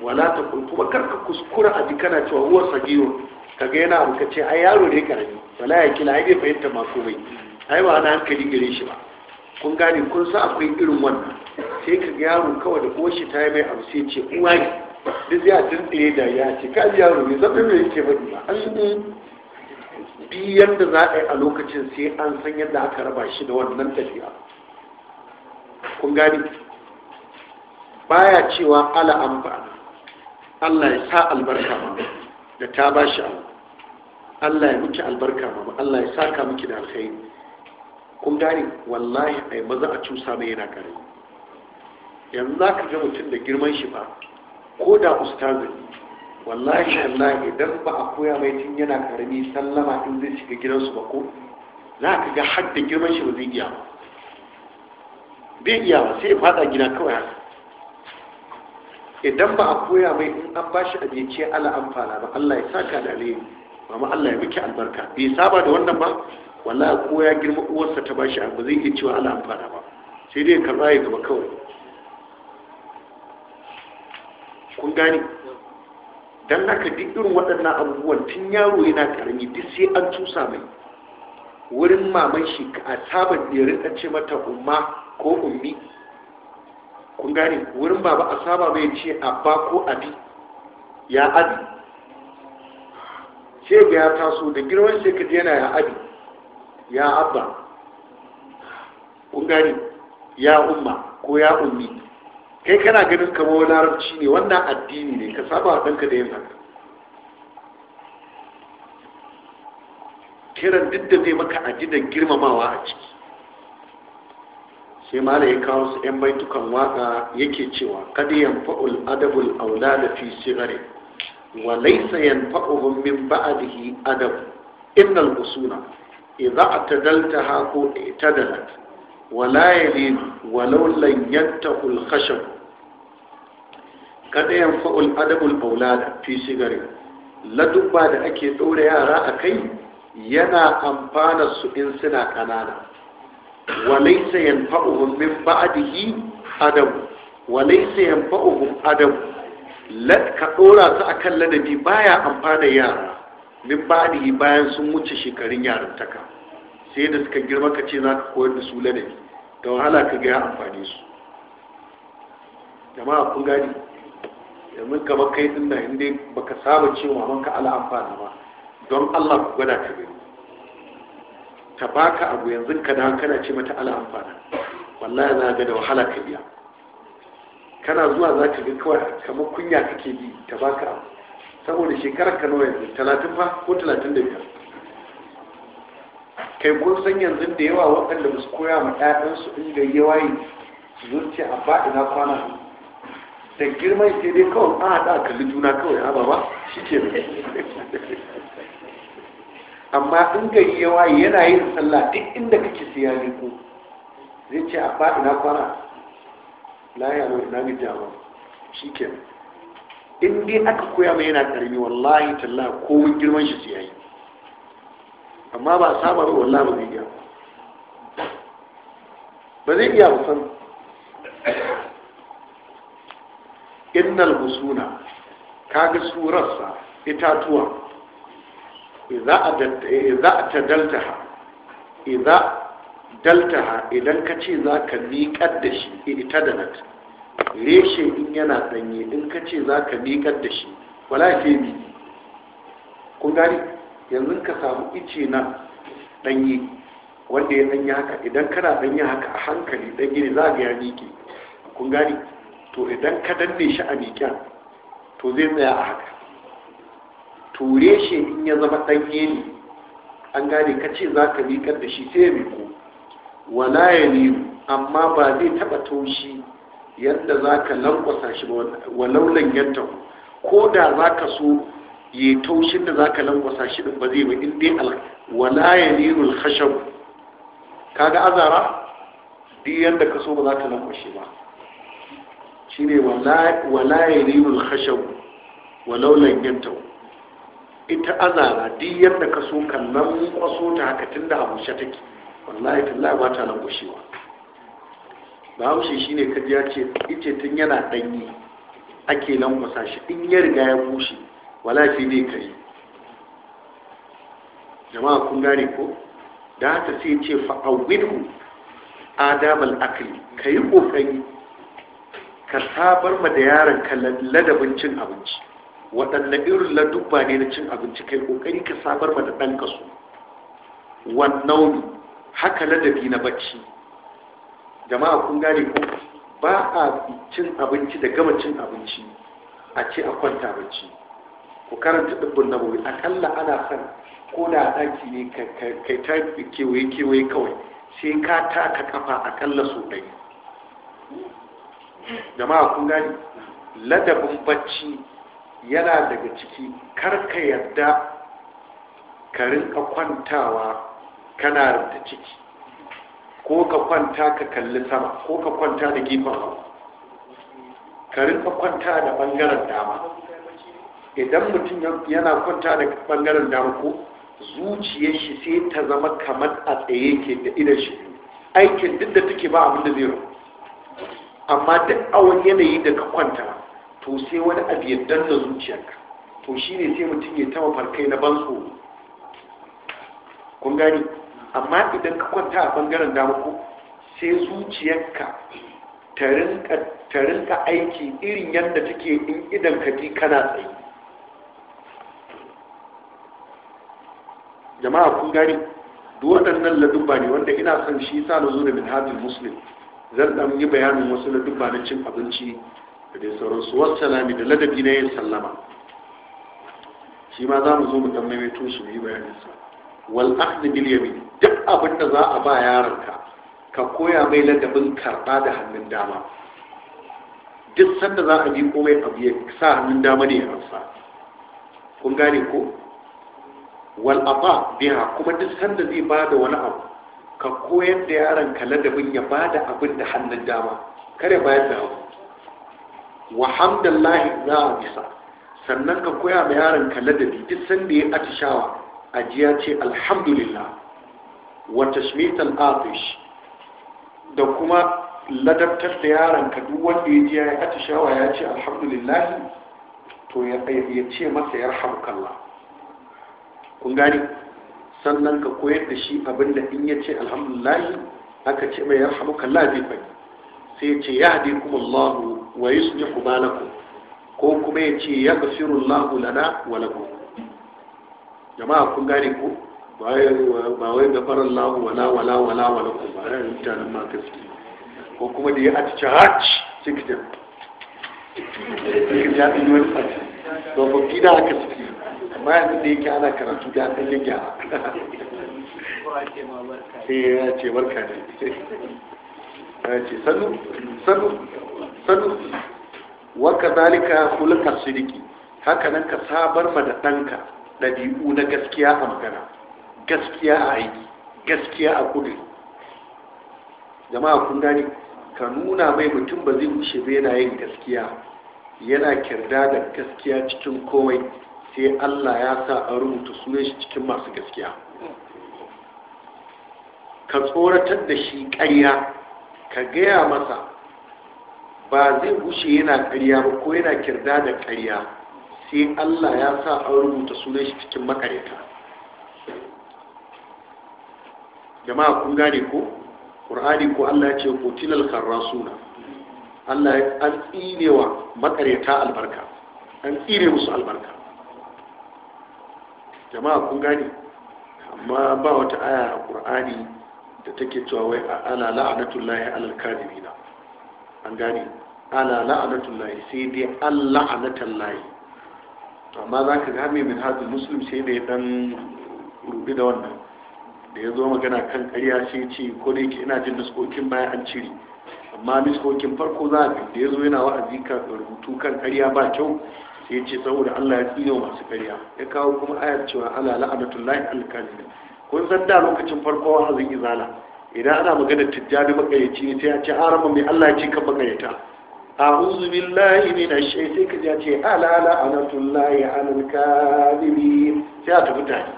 wala ta kuma karka kuskura a ji kana cewa huwa sagiyo kaga yana abu ka ce ai yaro ne karami wala ya kila ai bai fahimta ma komai ai ba na hankali gare shi ba kun gane kun sa akwai irin wannan sai ka ga yaro kawai da goshi ta yi mai abu sai ce uwa ne duk zai a tsire da ya ce ka yaro ne zaɓi mai ba ba an yi biyan da za a yi a lokacin sai an san yadda aka raba shi da wannan tafiya kun gane baya cewa ala an ba Allah ya sa albarka ma da ta ba shi abu Allah ya miki albarka ma Allah ya saka miki da alkhairi kun gani wallahi ai maza a cusa mai yana kare yanzu za ka ga mutum da girman shi ba ko da ustazi wallahi Allah idan ba a koya mai tun yana karami sallama in zai shiga gidansu ba ko za ka ga hadda girman shi ba zai iya ba Zai iya ba sai ya fada gida kawai haka idan ba a koya mai in an ba shi abinci ala amfana ba Allah ya saka da alheri mama Allah ya miki albarka bai saba da wannan ba wallahi ko girma uwarsa ta bashi abu zai iya cewa ala amfana ba sai dai ka ya gaba kawai kun gani dan haka duk irin waɗannan abubuwan tun yaro yana karami duk sai an tusa mai wurin maman shi a saba ya rinka mata umma ko ummi kun gane wurin baba a saba bai ce abba ko abi ya abi ce ga ya taso da girman shekaru yana ya abi ya abba kun gane ya umma ko ya ummi kai kana ganin wani larabci ne wannan addini ne ka saba wa ɗanka da yin haka kiran duk da zai maka aji da girmamawa a ciki sai mala ya kawo su yan baitukan waka yake cewa kad yanfa'ul adabul da fi sigari wa laysa yanfa'uhum min ba'dihi adab innal usuna idza atadaltaha ko itadalat wala yalid walau lan yattaqul khashab kada yanfa'ul adabul da fi sigari ladubba da ake ɗaure yara a kai yana amfana su in suna ƙanana وليس ينفعهم من بعده أدب وليس ينفعهم أدب ka ɗora su a kan ladabi baya amfana yara min ba'dihi bayan sun wuce shekarun yarantaka sai da suka girma ka ce za ka koyar da su ladabi da wahala ka ga amfani su jama'a kun gani domin kamar kai din nan inda baka saba cewa manka ala amfana ba don Allah ku gwada ka gani ta baka abu yanzu ka da kana ce mata ala amfana wallahi za ga da wahala ka biya kana zuwa za ka ga kawai kamar kunya kake bi ta baka abu saboda shekarar ka nawa yanzu talatin fa ko talatin da biyar kai kun san yanzu da yawa waɗanda ba su koya ma ɗayansu inda yawa yi zuciya a ba ina kwana da girman sai dai kawai ah, a haɗa kalli juna kawai a ba ba shi ke amma in gari ya waye yana yin sallah duk inda kake sai ya zai ce a faɗi na kwana la a ro ina mi jawo shikenan in dai aka koya mai yana karmi wallahi talla ko girman shi sai yi. amma ba saba ba wallahi ba zai iya ba zai iya ba san innal musuna kaga surarsa itatuwa idza tadaltaha idza daltaha idan ka ce za ka miƙar da shi ita da nat reshe in yana ɗanye in ka ce za ka miƙar da shi wala ke bi kun gari yanzu ka samu ice na ɗanye wanda ya ɗanye haka idan kana ɗanye haka a hankali ɗanye ne za ga ya miƙe kun gari to idan ka danne shi a miƙen to zai tsaya a haka ture shi in ya zama ɗanye ne an gane ka ce za ka liƙar da shi sai ya miko. wala ya amma ba zai taɓa taushi yadda za ka lankwasa shi ba walau lanyanta ko da za ka so ya taushin da za ka lankwasa shi ba zai ba ya ala. wala ya liru Ka ga azara duk yadda ka so ba za ka lankwashe ba ne wala ya liru laulan walau lanyanta ita azara duk yadda ka so kallon kwaso ta haka tun da hamushe take wallahi tallahi ba ta nan gushewa ba haushe shi ne kaji ya ce ice tun yana danyi ake lankwasa shi in ya riga ya bushe wallahi dai kai jama'a kun gane ko da haka sai ce fa'awwidhu adabal akli kayi kokari ka sabar ma da yaron ka ladabin cin abinci waɗanne irin ladubba ne na cin abinci kai ƙoƙari ka sabar ma da ɗan kasu wannan haka ladabi na bacci jama'a kun gane ko ba a cin abinci da gama cin abinci a ce a kwanta bacci ku karanta dubbin na wuri akalla ana san ko da ɗaki ne kai ta kewaye kewaye kawai sai ka taka kafa akalla sau ɗaya jama'a kun gane ladabin bacci yana daga ciki karka yadda ka rinka kwantawa kana da ciki ko ka kwanta ka kalli sama ko ka kwanta da gefen hagu ka rinka kwanta da bangaren dama idan mutum yana kwanta da bangaren dama ko zuciyar shi sai ta zama kamar a tsaye ke da idan shi aikin duk da take ba abin da zai amma duk a wani yanayi da ka kwanta to sai wani abu ya danna zuciyarka to shi ne sai mutum ya taba farkai na ban kun gani amma idan ka kwanta a bangaren dama ko sai zuciyarka ta rinka aiki irin yadda take in idan ka ji kana tsaye jama'a kun gani duk waɗannan ladubba ne wanda ina son shi sa na zo da minhajin muslim zan ɗan yi bayanin wasu ladubba na cin abinci da dai sauransu wasu wassalami da ladabi na yin sallama shi ma za mu zo mu dan maimaito su yi bayaninsa wal akhdhi bil yamin duk abin da za a ba yaronka ka koya mai ladabin karba da hannun dama duk sanda za a bi komai abu ya sa hannun dama ne ya rasa kun gane ko wal aba biha kuma duk sanda zai ba da wani abu ka koyar da yaron ka ladabin ya ba da abin da hannun dama kare bayar da abu wa hamdallahi za a bisa sannan ka koya ma yaron ka ladabi duk sanda ya atishawa ajiya ce alhamdulillah wa tashmitan atish da kuma ladabtar da yaron ka duk wanda ya ji ya atishawa ya ce alhamdulillah to ya ce masa yarhamukallah kun gani sannan ka koyar da shi abinda in ya ce alhamdulillah aka ce mai yarhamukallah zai fadi sai ya ce ya hadi kuma Allah wa yuslihu balakum ko kuma ya ce ya gafiru Allahu lana wa lakum jama'a kun gane ku. ba wai gafarar Allahu wala wala wala wala. lakum ba ya mutanen ma gaskiya ko kuma da ya atice hajj sikta sikta ya ɗin wani fati ba ba gida haka suke amma yanzu da yake ana karatu da an yi gyara sai ya ce barka ne ya ce sanu sanu sanu wa kadhalika ka sidiki haka nan ka sabar ma da danka ɗabi'u na gaskiya a magana gaskiya a aiki gaskiya a kudi jama'a kun gani ka nuna mai mutum ba zai wuce ba yana yin gaskiya yana kirda da gaskiya cikin komai sai Allah ya sa a rubuta sunan shi cikin masu gaskiya ka tsoratar da shi ƙarya ka gaya masa ba zai wuce yana ƙarya ba ko yana kirda da ƙarya sai Allah ya sa an rubuta sunan shi cikin makareta jama'a kun gane ko ƙur'ani ko Allah ya ce kotilal karrasuna Allah ya an tsinewa makareta albarka an tsine musu albarka jama'a kun gane amma ba wata aya a ƙur'ani da take cewa wai ana la'anatullahi alal kadibina an gane ala la'anatul lahi sai dai an la'anatul lahi amma za ka ga min hajji muslim sai da ya dan rubi da wannan da ya zo magana kan karya sai ce ko da yake ina jin nuskokin bayan an cire amma nuskokin farko za a da ya zo yana wa'azi kan rubutu kan karya ba kyau sai ce saboda Allah ya tsino masu karya ya kawo kuma ayar cewa ala la'anatul lahi alkalin kun san da lokacin farko wa'azin izala idan ana magana tijjani makayyaci ne sai ya ce a rama mai Allah ya ce kan makayyata أعوذ بالله من الشيطان يأتي ألا لعنة الله على الكاذبين سيأتي بتاعي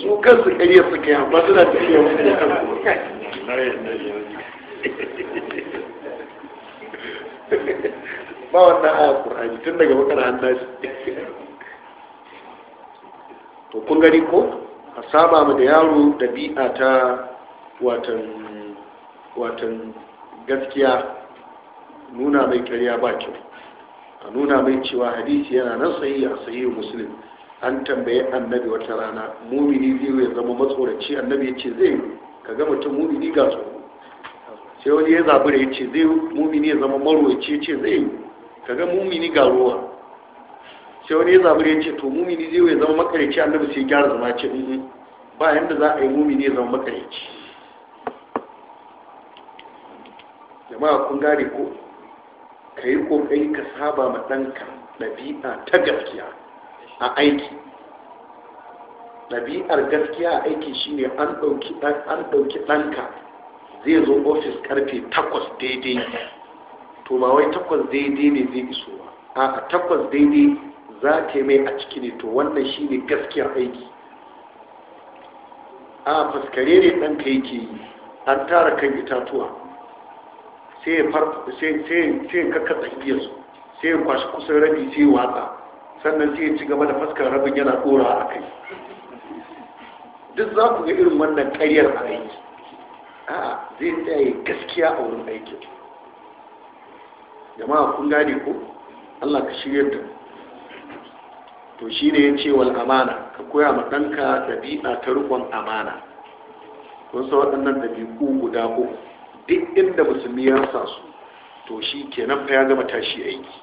su kansu kariya suka amma suna tafiya wani ba wannan aya ƙur'ani tun daga bakar hannashi to kun gani ko a saba ma da yaro ɗabi'a ta watan gaskiya nuna mai karya ba kyau a nuna mai cewa hadisi yana nan sayi a sahihi muslim an tambaye annabi wata rana mumini zai ya zama matsoraci annabi ya ce zai ka ga mutum mumini ga su sai wani ya zabi da ya ce zai mumini ya zama marwaci ya ce zai ka ga mumini ga ruwa sai wani ya zabi da ya ce to mumini zai ya zama makarici annabi sai gyara zama ce ba yanda za a yi mumini ya zama makarici jama'a kun gane ko ka yi ƙoƙari ka saba ma ɗanka ɗabi'a ta gaskiya a aiki ɗabi'ar gaskiya a aiki shine an ɗauki ɗanka zai zo ofis karfe takwas daidai to ba wai takwas daidai ne zai iso ba a takwas daidai za ta mai a ciki ne to wannan shine gaskiyar aiki a fuskare ne ɗanka yake yi an tara kan itatuwa sai ya kakka tsakiyarsu sai kwashi kusan rabi sai ya watsa sannan sai ci gaba da faskar rabin yana ɗora a kai duk za ku ga irin wannan karyar a aiki a zai tsaye gaskiya a wurin aiki jama'a kun gane ko allah ka shirya ta to shi ne ya ce wal amana ka koya ma ɗanka ɗabi'a ta rikon amana kun sa waɗannan ɗabi'u guda uku duk inda musulmi ya sasu su to shi kenan fa ya gama tashi aiki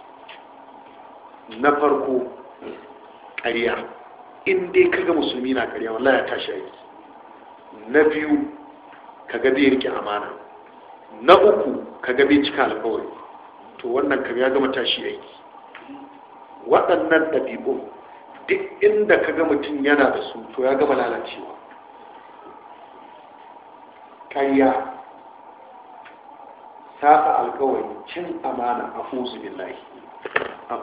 na farko ƙarya in dai kaga musulmi na ƙarya wallahi ya tashi aiki na biyu kaga bai rike amana na uku kaga bai cika alƙawari to wannan kaga ya gama tashi aiki waɗannan ɗabi'u duk inda kaga mutum yana da su to ya gama lalacewa ƙarya saba alkawari cin amana a uzu billahi a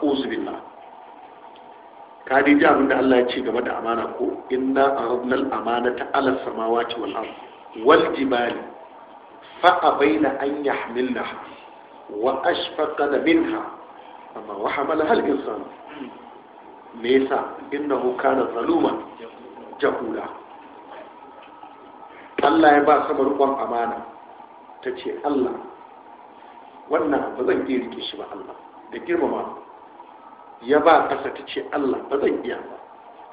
abinda Allah ya ce game da amana ko inna aradna al-amanata ala samawati wal ard wal jibali fa abaina an yahmilnaha wa ashfaqna minha amma wa hamalaha al-insan me yasa innahu kana zaluma jahula Allah ya ba sama rukun amana ta ce Allah wannan ba zan iya rike shi ba Allah da girmama ya ba ƙasa ta ce Allah ba zan iya ba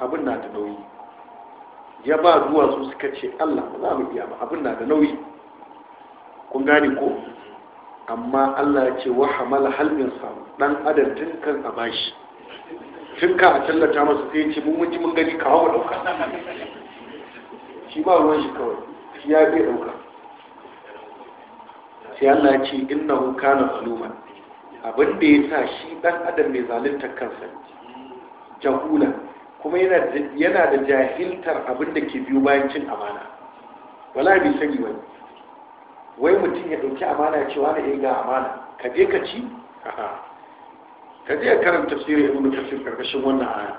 abin na da nauyi ya ba su suka ce Allah ba za mu iya ba abin na da nauyi kun gane ko amma Allah ya ce wa hamala halin samu dan adam tun kan a bashi tun ka a tallata masa sai ya ce mun ji mun gani kawo dauka shi ba ruwan shi kawai shi ya bai dauka sai Allah ya ce innahu kana zaluma abin da ya sa shi dan adam mai zaluntar kansa jahula kuma yana da jahiltar abin da ke biyo bayan cin amana wala bai sani wani wai mutum ya ɗauki amana ya cewa ya eh, ga amana ka je ka ci ka je karanta tafsirin ibnu kasir karkashin wannan aya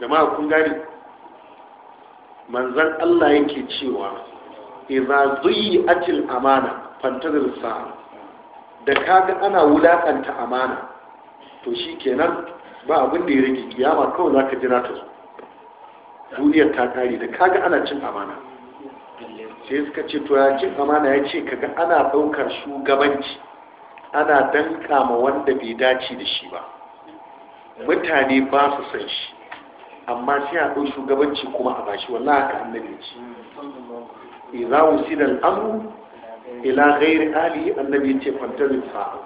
jama'a kun gani manzon Allah yake cewa zuyi ajin amana fantazir sa, da kaga ana wulakanta amana to shikenan ba abin da ya rage kiyama kawai ka jira ta zo duniyar ta kare da kaga ana cin amana sai suka ce to ya cin amana ya ce kaga ana daukar shugabanci ana danka ma wanda bai dace da shi ba mutane ba su san shi amma sai a ɗau shugabanci kuma a bashi wallahi haka annabi ce idza wusida al-amru ila ghairi ali annabi ce fantazin sa'a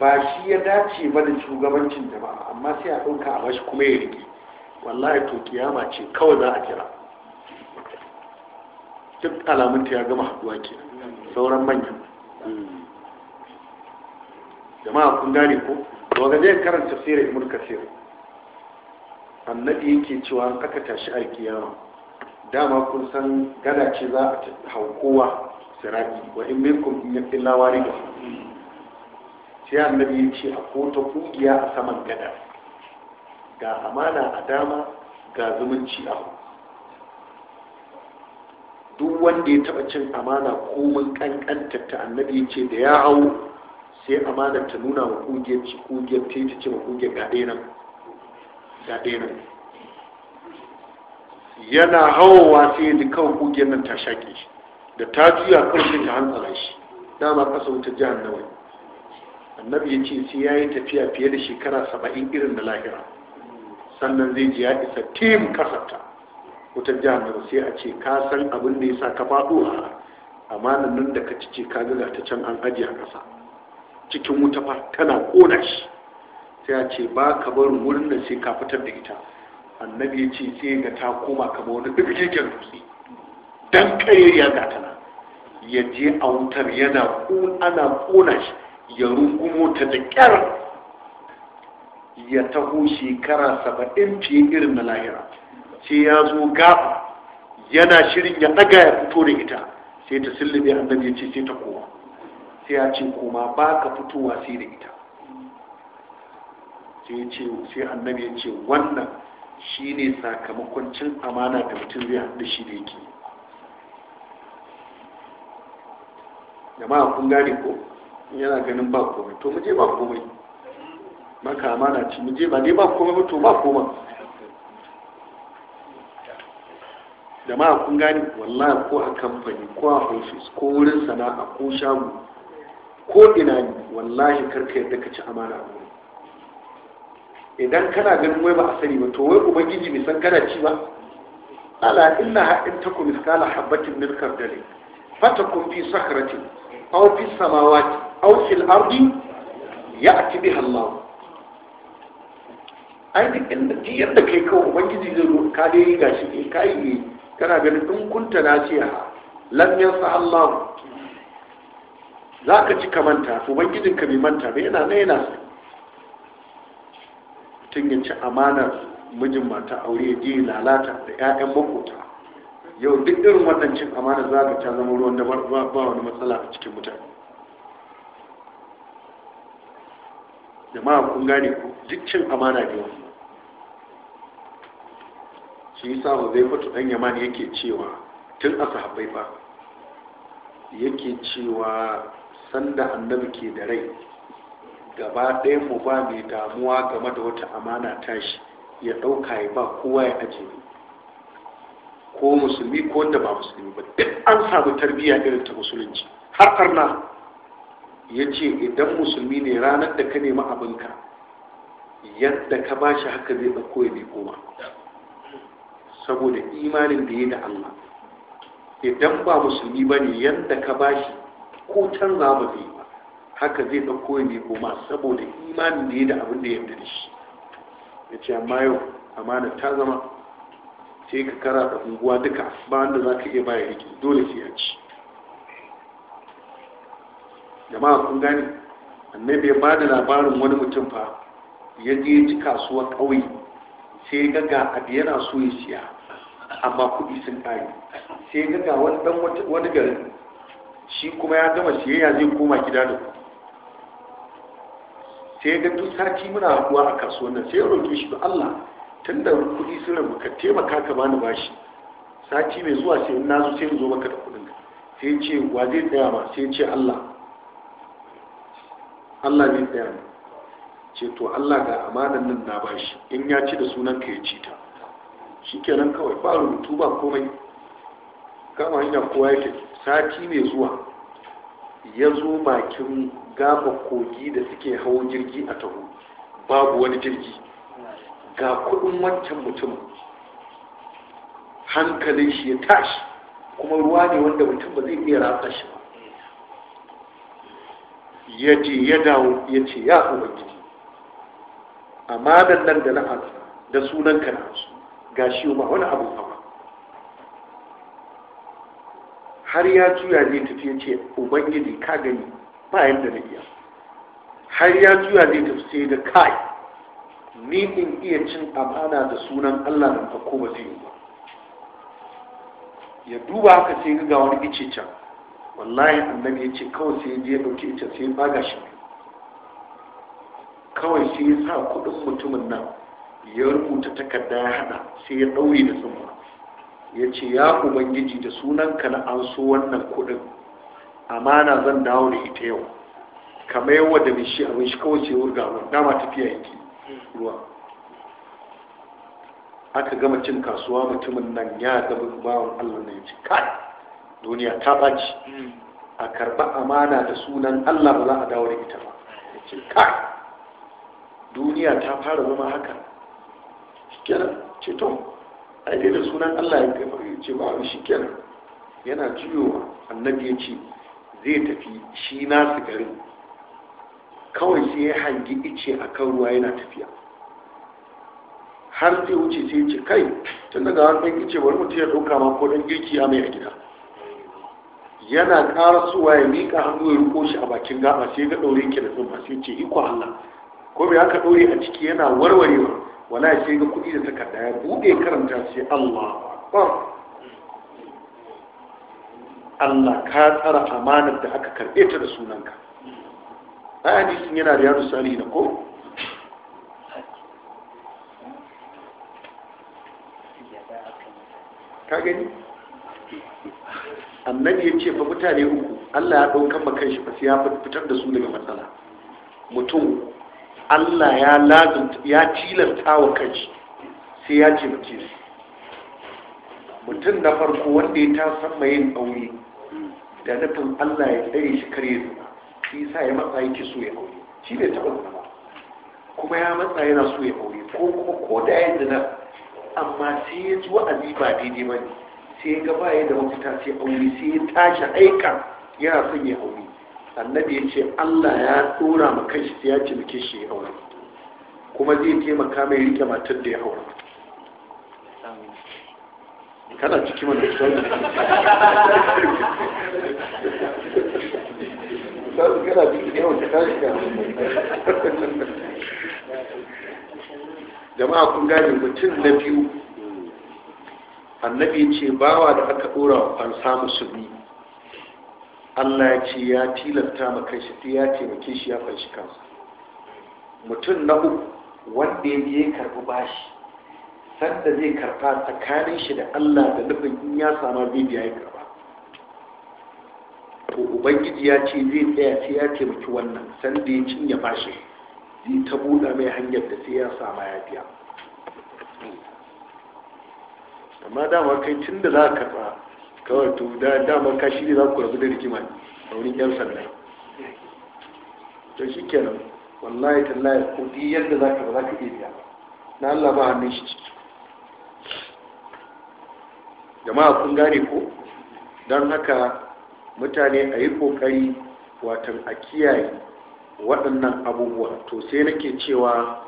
ba shi ya dace ba da shugabancin jama'a amma sai a ɗauka a bashi kuma ya rike wallahi to kiyama ce kawai za a kira duk alamunta ya gama haduwa ke sauran manyan jama'a kun gane ko to ga zai karanta tafsirin ibn kasir annabi yake cewa an aka tashi alkiyama dama kun san gada ce za a hau kowa sirati wa in minkum illa warida sai annabi ya ce a kota kungiya a saman gada ga amana a dama ga zumunci a duk wanda ya taba cin amana komin kankanta ta annabi ya ce da ya hau sai amana ta nuna wa kungiyar ci kungiyar ta ce ma kungiyar ga ɗaya nan yana hawa sai da kan kugiyar nan ta shaƙe shi da ta juya kurshi ta hantsara shi dama ƙasa wuta jihar nawa annabi ya ce sai ya yi tafiya fiye da shekara saba'in irin da lahira sannan zai ji ya isa tim kasarta wutar jihar nawa sai a ce ka san abin da ya sa ka faɗo a amanan nan da ka cice ka ga ta can an ajiye a ƙasa cikin wuta fa tana ƙona shi sai a ce ba ka barin wurin da sai ka fitar da ita annabi ya ce sai ga ta koma kama wani ɗirgirgen dutse dan ƙarya ga tana ya je a wutar yana ana ƙona shi ya rungumo ta da ƙyar ya taho shekara saba'in fiye irin na lahira sai ya zo gafa yana shirin ya ɗaga ya fito da ita sai ta sillube annabi ya ce sai ta koma sai ya ce koma ba ka fitowa sai da ita sai annabi ya ce wannan Shi ne sakamakon cin amana da mutum zai haɗu shi da yake jama'a kun gane ko yana ganin ba komai to muje ba komai maka amana ci muje ba dai ba komai ba to ba koma jama'a kun gane wallahi ko a kamfani ko a ofis ko wurin sana'a ko shago ko ina ne wallahi karka yadda ka ci amana a idan kana ganin wai ba a sani ba to wai ubangiji bai san kana ci ba ala inna ha in takum miskala habatin min kardali fatakum fi sakratin aw fi samawati aw fil ardi ya'ti biha Allah ai duk inda duk yadda kai kawai ubangiji zai zo ka dai gashi ne eh, yi yi eh, kana ganin in kunta na ce ha lam yansa Allah za ka ci ka manta ubangijinka bai manta ba yana na yana mutum ya ci amanar mijin mata aure ya yi lalata da 'ya'yan makota yau duk irin wannan cin amanar za ka ta zama ruwan da ba wani matsala a cikin mutane jama'a kun gane ku duk cin amana ne wani shi yi samu zai fito ɗan yamani yake cewa tun a sahabbai ba yake cewa sanda annabi ke da rai gaba ɗaya mu ba mai damuwa game da wata amana tashi ya ɗauka ya ba kowa ya ajiye ko musulmi ko wanda ba musulmi ba duk an samu tarbiyya irin ta musulunci har arna ya ce idan musulmi ne ranar da ka nema abinka yadda ka ba shi haka zai ɗauko ya bi koma saboda imanin da ya da Allah idan ba musulmi ba ne yadda ka ba shi ko canza ba zai ba haka zai ɗauko ya ne kuma saboda imanin da ya da abin da ya yarda da shi ya ce amma yau amana ta zama sai ka kara da unguwa duka ba wanda za ka iya baya ke, dole sai ya ci jama'a kun gane annabi ya bada labarin wani mutum fa ya je ci kasuwar ƙauye sai ga ga abu yana so ya siya amma kuɗi sun ƙare sai ga ga wani garin shi kuma ya gama siyayya zai koma gida da ku sai ga duk sati muna haɗuwa a kasuwan nan sai ya roƙe shi ba Allah tun da kuɗi sun rabu ka taimaka ka bani bashi sati mai zuwa sai in nazo sai in zo maka da kuɗin sai ce wa zai tsaya ma sai ce Allah Allah zai tsaya ma ce to Allah ga amanan nan na bashi in ya ci da sunan ka ya ci ta shikenan kawai ba rubutu ba komai kama hanya kowa yake sati mai zuwa ya zo bakin gaba kogi da suke hau jirgi a taho babu wani jirgi ga kudin wancan mutum hankalin shi ya tashi kuma ruwa ne wanda mutum ba zai iya ratsa shi ba ya je ya dawo ya ce ya gidi amma nan da na'ar da sunan ka su ga shi ma wani abu abu har ya juya zai tafi ya ce ubangiji ka gani ba yadda na iya har ya juya zai tafi sai da kai ni in iya cin amana da sunan allah nan farko ba zai yi ba ya duba haka sai ga wani ice can wallahi annabi ya ce kawai sai je ya ɗauki ice sai ya ga shi kawai sai ya sa kuɗin mutumin nan ya rubuta takarda ya hada sai ya ɗaure da tsumma ya ce ya ubangiji da sunanka na an so wannan kudin amana zan dawo da ita yau kamar yawa da bishi abin shi kawai ce wurga ruwa dama tafiya yake ruwa aka gama cin kasuwa mutumin nan ya gaba bawan allah na yace kai duniya ta baci a karba amana da sunan allah ba za a dawo da ita ba yace kai duniya ta fara zama haka kenan ce to ai dai da sunan Allah ya kai mai ce ba shi kenan yana ciwo annabi ya ce zai tafi shi na garin kawai sai ya hangi ice a kan ruwa yana tafiya har sai wuce sai ya ce kai tun daga wani ice bari mutum ya ɗauka ma ko ɗan girki ya mai a gida yana ƙara suwa ya miƙa hannu ya riko shi a bakin gaba sai ga ɗaure ke da tsumma sai ce iko Allah ko me haka ɗaure a ciki yana warwarewa wala ce ga kuɗi da takarda ya buɗe karanta ce Allah akbar Allah ka tsara amanar da aka karɓe ta da sunanka ai hadisin yana da yaro salihi na ko ka gani annabi ya ce fa mutane uku Allah ya ɗaukan makan shi fa sai ya fitar da su daga matsala mutum Allah ya lazumta ya wa kanshi sai ya ce mace su mutum na farko wanda ya ta san yin aure da nufin Allah ya tsaye shi kare zina shi sa ya matsa yake so ya aure shi ne taɓa zama kuma ya matsa yana so ya aure ko kuma ko da ya zina amma sai ya ji wa'azi ba daidai ba ne sai ya ga baya da mafita sai aure sai ya tashi aika yana son ya aure annabi ya ce allah ya tsora ma kanshi ya ce muke shi ya aure kuma zai taimaka mai rike matar da ya aure kana ciki mana da sauran misali kana ciki yawan ka jama'a kun gane mutum na biyu annabi ce bawa da aka dora wa su biyu Allah ya ce ya tilasta ma kanshi ya taimake shi ya fanshi kansa mutum na uku wanda ya je karɓi bashi sanda zai karɓa tsakanin shi da Allah da nufin in ya sama bibiya ya karba to ubangiji ya ce zai tsaya sai ya taimaki wannan sanda ya cinye bashi zai ta buɗa mai hanyar da sai ya samu ya biya amma dama kai tun da za ka karɓa kawai to da daman ka ne za ku rabu da rikima a wurin yan sanda to shi kenan wallahi tallahi ɗi yadda za ka ba za ka iya biya na Allah ba hannun shi ciki jama'a kun gane ko don haka mutane a yi kokari watan a kiyaye waɗannan abubuwa to sai nake cewa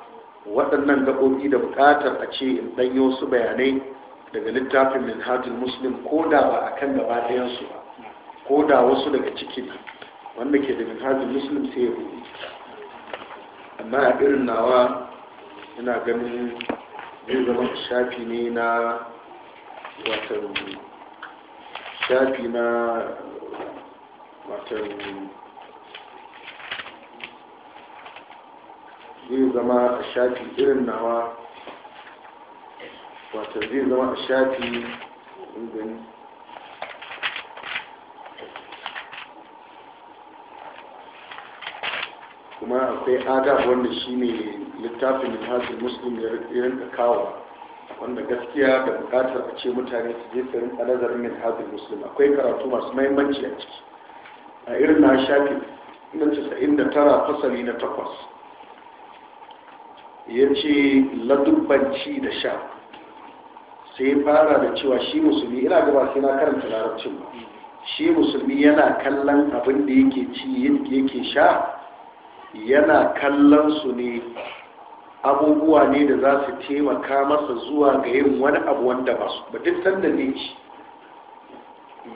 waɗannan gaɓoɓi da buƙatar a ce in ɗanyo su bayanai daga littafin minhajul muslim ko da ba a kan gaba ɗayansu ba ko da wasu daga ciki wanda ke da minhajul muslim sai ya rubu amma a irin nawa yana ganin zai zama shafi ne na watan shafi na watan zai zama shafi irin nawa wato zai zama a shafi gani kuma akwai adab wanda shi ne littafin littafin muslim ya rinka kawo wanda gaskiya da bukatar a ce mutane su je su rinka nazarin min muslim akwai karatu masu mahimmanci a ciki a irin na shafi ce casa'in da tara fasali na takwas ya ce ladubbanci da sha sai fara da cewa shi musulmi ina gaba sai na karanta larabcin ba shi musulmi yana kallon abin da yake ci yake sha yana kallon su ne abubuwa ne da za su taimaka masa zuwa ga yin wani abu wanda ba su ba duk sanda ne ci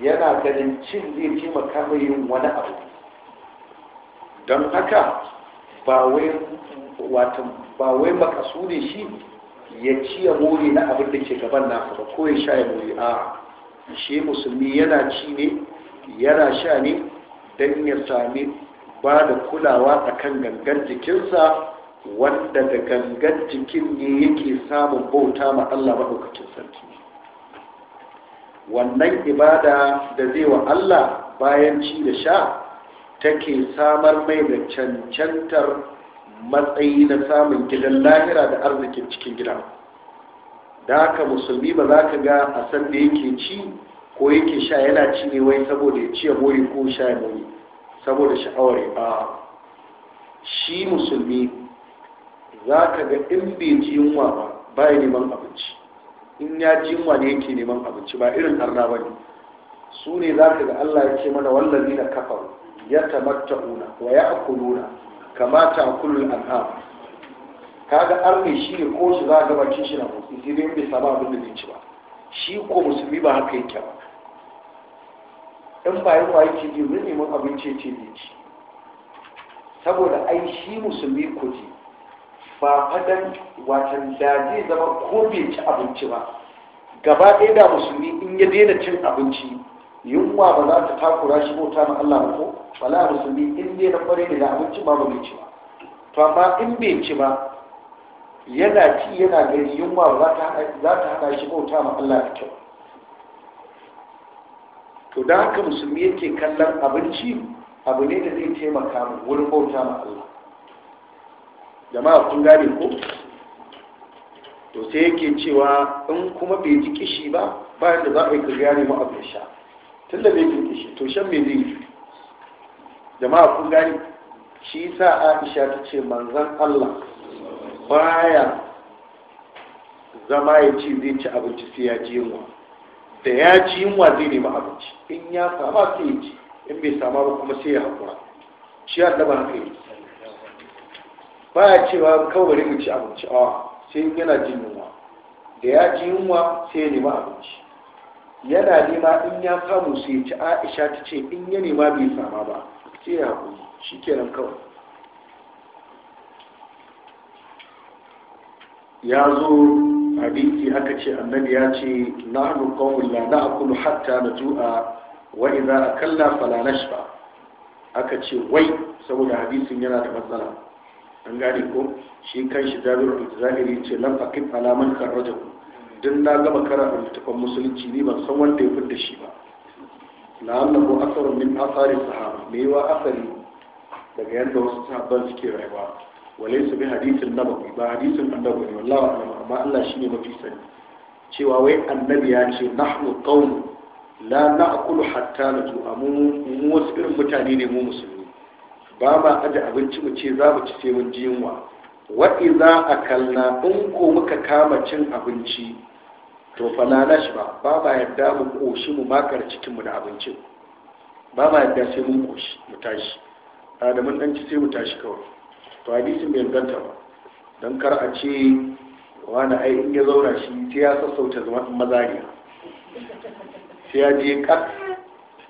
yana ganin cin zai taimaka mai yin wani abu don haka ba wai makasudin shi ya ci ya more na abin da ke gaban na ba ko ya sha ya more a shi musulmi yana ci ne yana sha ne don ya sami ba da kulawa a kan gangar jikinsa wanda da gangar jikin ne yake samun bauta ma Allah maɗaukacin sarki wannan ibada da zai wa Allah bayan ci da sha take samar mai da cancantar matsayi na samun gidan lahira da arzikin cikin gida da haka musulmi ba za ka ga a san da yake ci ko yake sha yana ci ne wai saboda ya ci ya boye ko sha ya boye saboda sha'awar ba shi musulmi za ka ga in bai ji yunwa ba ba ya neman abinci in ya ji yunwa ne yake neman abinci ba irin arna ba ne su ne za ka ga allah ya ce mana wallazi na kafa ya tamatta'una wa ya akuluna kamata ta kullum an'am kaga arme shi ne ko shi za a gabatin shi na motsi sai dai bai samu abin da zai ci ba shi ko musulmi ba haka yake ba in ba yi waye yake ji wurin neman abinci ce zai ci saboda ai shi musulmi ko ji ba fadan watan da zai zama ko bai ci abinci ba gaba ɗaya da musulmi in ya daina cin abinci yunwa ba za ta takura shi bauta ma Allah ba ko wala musulmi in dai na kware ne da abinci ba mai ci ba to amma in bai ci ba yana ci yana gani yunwa ba za ta hada shi bauta ma Allah da kyau to da haka musulmi yake kallon abinci abu ne da zai taimaka mu wurin bauta ma Allah jama'a kun gane ko to sai yake cewa in kuma bai ji kishi ba bayan da za a yi ka ne mu abin sha tun da bai kinkishi to shan me zai yi jama'a kun gani shi sa aisha ta ce manzan allah baya zama ya ce zai ci abinci sai ya ji yunwa da ya ji yunwa zai nemi abinci in ya sama sai ya ci in bai sama ba kuma sai ya haƙura shi ya daba haka yi ba ya cewa kawai bari mu ci abinci a sai yana jin yunwa da ya ji yunwa sai ya nemi abinci yana nema in ya samu sai ci aisha ta ce in ya nema bai sama ba sai ya haƙuri shi kenan kawai ya zo hadisi aka ce annabi ya ce nahnu qawmun na akulu hatta wani za a akalla fala ba, aka ce wai saboda hadisin yana da matsala an gane ko shi kan shi jabiru da zahiri ce lamfakin alamun ala man ku. don na gama da littafin musulunci ne ban san wanda ya fidda shi ba na ko asarun min asarin sahaba me yawa asari daga yadda wasu sahabban suke rayuwa walai su bi hadisin nabawi ba hadisin annabi ne wallahi annabi amma Allah shine mafi sani cewa wai annabi ya ce nahnu qaum la na'kulu hatta naju mu wasu irin mutane ne mu musulmi ba ma aje abinci mu ce za mu ci sai mun ji yunwa wa'iza a kalna in ko muka kama cin abinci to falala shi ba ba ma yadda mu koshi mu makar cikinmu da abincin ba ma yadda sai mun koshi mu tashi a da mun ci sai mu tashi kawai to hadisin bai ganta ba don kar a ce wani ai in ya zauna shi sai ya sassauta zama mazariya sai ya je ƙas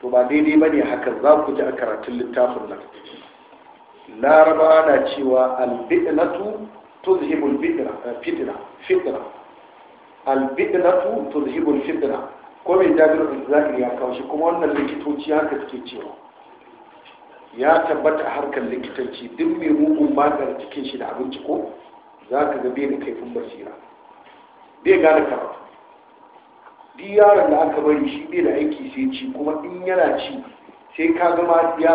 to ba daidai ba ne haka za ku ji a karatun littafin nan laraba na cewa albidnatu tuzhibul eh, fitna fitna albidnatu tuzhibul fitna ko mai jabir zakir ya kawo shi kuma wannan likitoci haka suke cewa ya tabbata harkar likitanci duk mai mugun bakar cikin shi da abinci ko za ka ga bai da kaifin basira bai gane karatu duk yaron da aka bari shi bai da aiki sai ci kuma in yana ci sai ka gama ya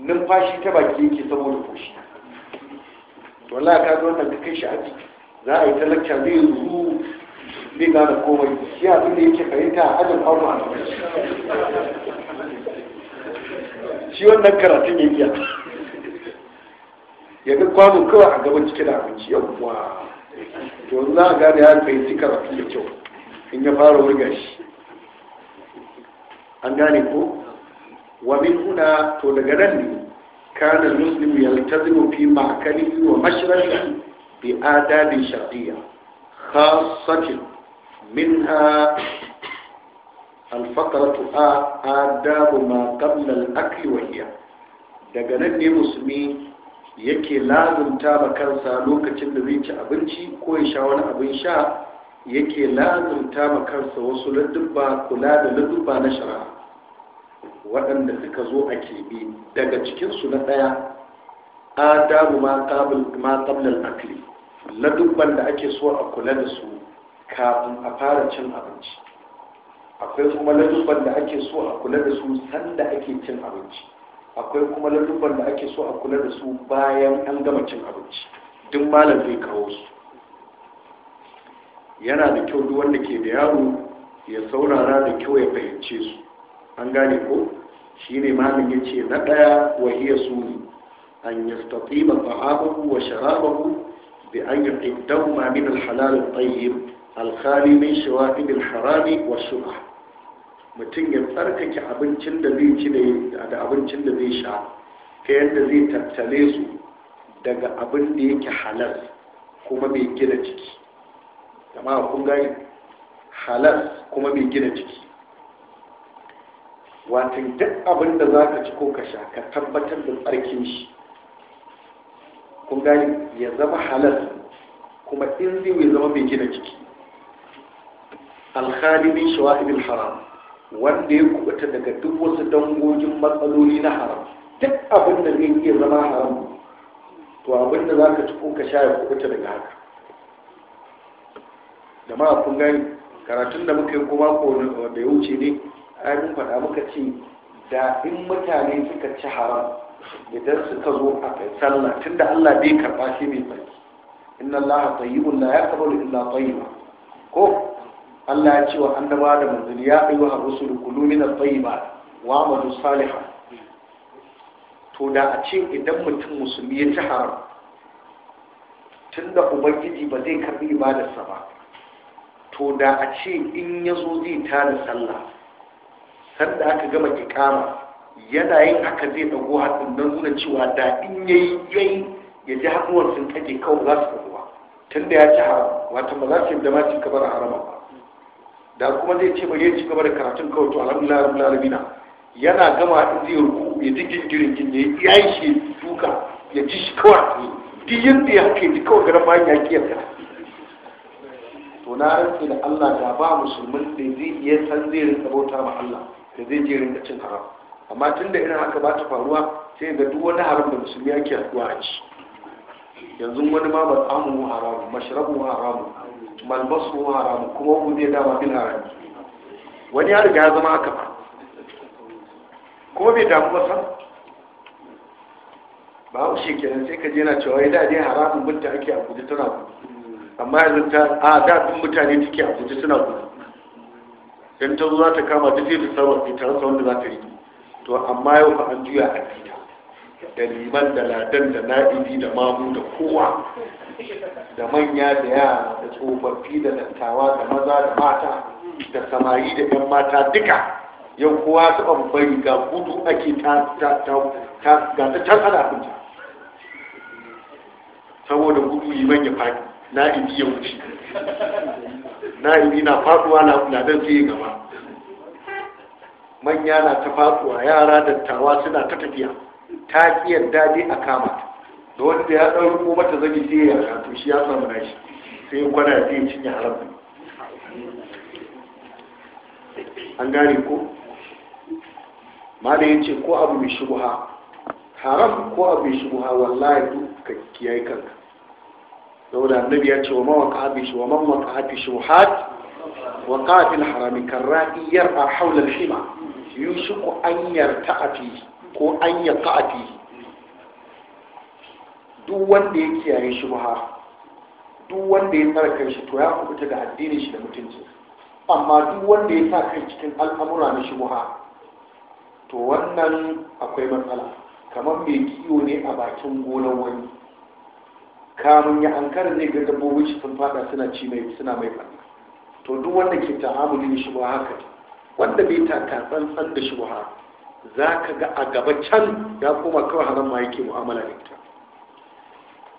numfashi ta baki yake saboda fushi wallahi ka ga wannan kai shi aji za a yi ta lakta zai ruru zai gane komai shi abin da yake fahimta a ajin aure a shi wannan karatun ya a. ya ga kwano kawai a gaban cikin abinci yawwa to za a gane ya fahimci karatun da kyau in ya fara wurga shi an gane ko wa min huna to daga nan ne kana muslim yaltazimu fi ma'kalihi wa mashrabihi bi adabin shar'iyya khassatin minha الفقرة A آداب ما قبل الأكل daga nan ne musulmi yake lazumta ma kansa lokacin da zai ci abinci ko ya sha wani abin sha yake lazumta ma kansa wasu ladubba kula da ladubba na shari'a waɗanda suka zo a keɓe daga cikinsu na ɗaya adamu ma ƙablal akli dubban da ake so a kula da su kafin a fara cin abinci akwai kuma na dubban da ake so a kula da su sanda ake cin abinci akwai kuma na dubban da ake so a kula da su bayan an gama cin abinci duk malam zai kawo su yana da kyau duk wanda ke da yaro ya saurara da kyau ya fahimce su an gane ko shi ne malin ya ce na ɗaya wa iya suni an yi tafiba ta'abahu wa sharabahu bi an yi ɗiddan mamin alhalalin alhalal alkhali mai shawaɗi bil harami wa shuka. mutum ya tsarkake abincin da zai ci da abincin da zai sha ta yadda zai tattale su daga abin da yake halal kuma mai gina ciki jama'a kun gani halal kuma mai gina ciki wato duk abin da za ka ci ko ka sha ka tabbatar da tsarkin shi kun gani ya zama halal kuma in zai ya zama mai gina jiki alhalibin shawa'ibin haram wanda ya kubuta daga duk wasu dangogin matsaloli na haram duk abin da zai iya zama haram to abin da za ka ci ko ka sha ya kubuta daga haka jama'a kun gani karatun da muka yi kuma ko da ya wuce ne ai faɗa muka ce da in mutane suka ci haram idan suka zo a kai sallah tunda Allah bai karba shi mai tsaki inna Allah tayyibun la yaqbalu illa tayyiba ko Allah ya ce wa annaba da manzuri ya ayyuha rusul kullu min at tayyiba wa amalu salihan to da a ce idan mutum musulmi ya ci haram tunda ubangiji ba zai karbi ibadarsa ba to da a ce in ya zo zai tada sallah sanda aka gama ikama yana yin haka zai dago hatsin don nuna cewa da in yayi yayi ya ji hannuwan sun kage kawai za su dago Tunda tun da ya ci haram wato ba za su yadda ma ci gaba da harama ba da kuma zai ce ba ya ci gaba da karatun kawai to alhamdulillah rabbil alamin yana gama in zai ruku ya ji gingirin gin ya yi shi duka ya ji shi kawai duk yadda ya haka ya ji kawai garan bayan ya kiyarta to na rantsa da Allah da ba musulmin da zai iya san zai rinka bauta ma Allah da zai je rinka cin haram amma tun da irin haka ba ta faruwa sai ga duk wani haram da musulmi yake haɗuwa a ci yanzu wani ma ba amu haramu mashrabu haramu malbasu haramu kuma wani zai dama bin haram wani ya riga ya zama haka ba kuma bai damu ba san ba ku shi kenan sai ka je na cewa ya dade haramun binta ake a guji tana gudu amma yanzu ta a da tun mutane take a guji tana gudu dan ta zo za ta kama ta sai ta sarwa ta rasa wanda za ta yi to amma yau fa an juya a fita da liman da ladan da na'ibi da mamu da kowa da manya da yara da tsofaffi da dattawa da maza da mata da samari da yan mata duka yau kowa su bambari ga gudu ake ta ta ta ga ta can ana abinci saboda gudu liman ya faɗi na'ibi ya wuce na'ibi na faduwa ladan sai gaba manya na ta faduwa yara dattawa suna ta tafiya ta ki yadda dai a kama da wanda ya ɗauko mata zai sai ya rato shi ya samu shi, sai ya kwana zai ya cinye haram an gane ko mala ya ce ko abu mai shubuha haram ko abu mai shubuha wallahi duk ka kiyaye kanka saboda annabi ya ce wa mawaka abi shi wa mawaka abi shi wahad wa qafil harami karra'i yar'a hawla al-hima yushiku an yarta'ati ko an yaqati duk wanda ya kiyaye shi ba duk wanda ya tsara kai shi to ya kubuta da addinin shi da mutunci amma duk wanda ya sa kai cikin al'amura na shi ba to wannan akwai matsala kamar mai kiyo ne a bakin gonar wani kamun ya ankara zai ga dabbobin shi sun fada suna ci mai suna mai fada to duk wanda ke ta'amuli da shubha haka wanda bai taka tsantsan da shubha za ka ga a gaba can ya koma kawai haram ma yake mu'amala da ita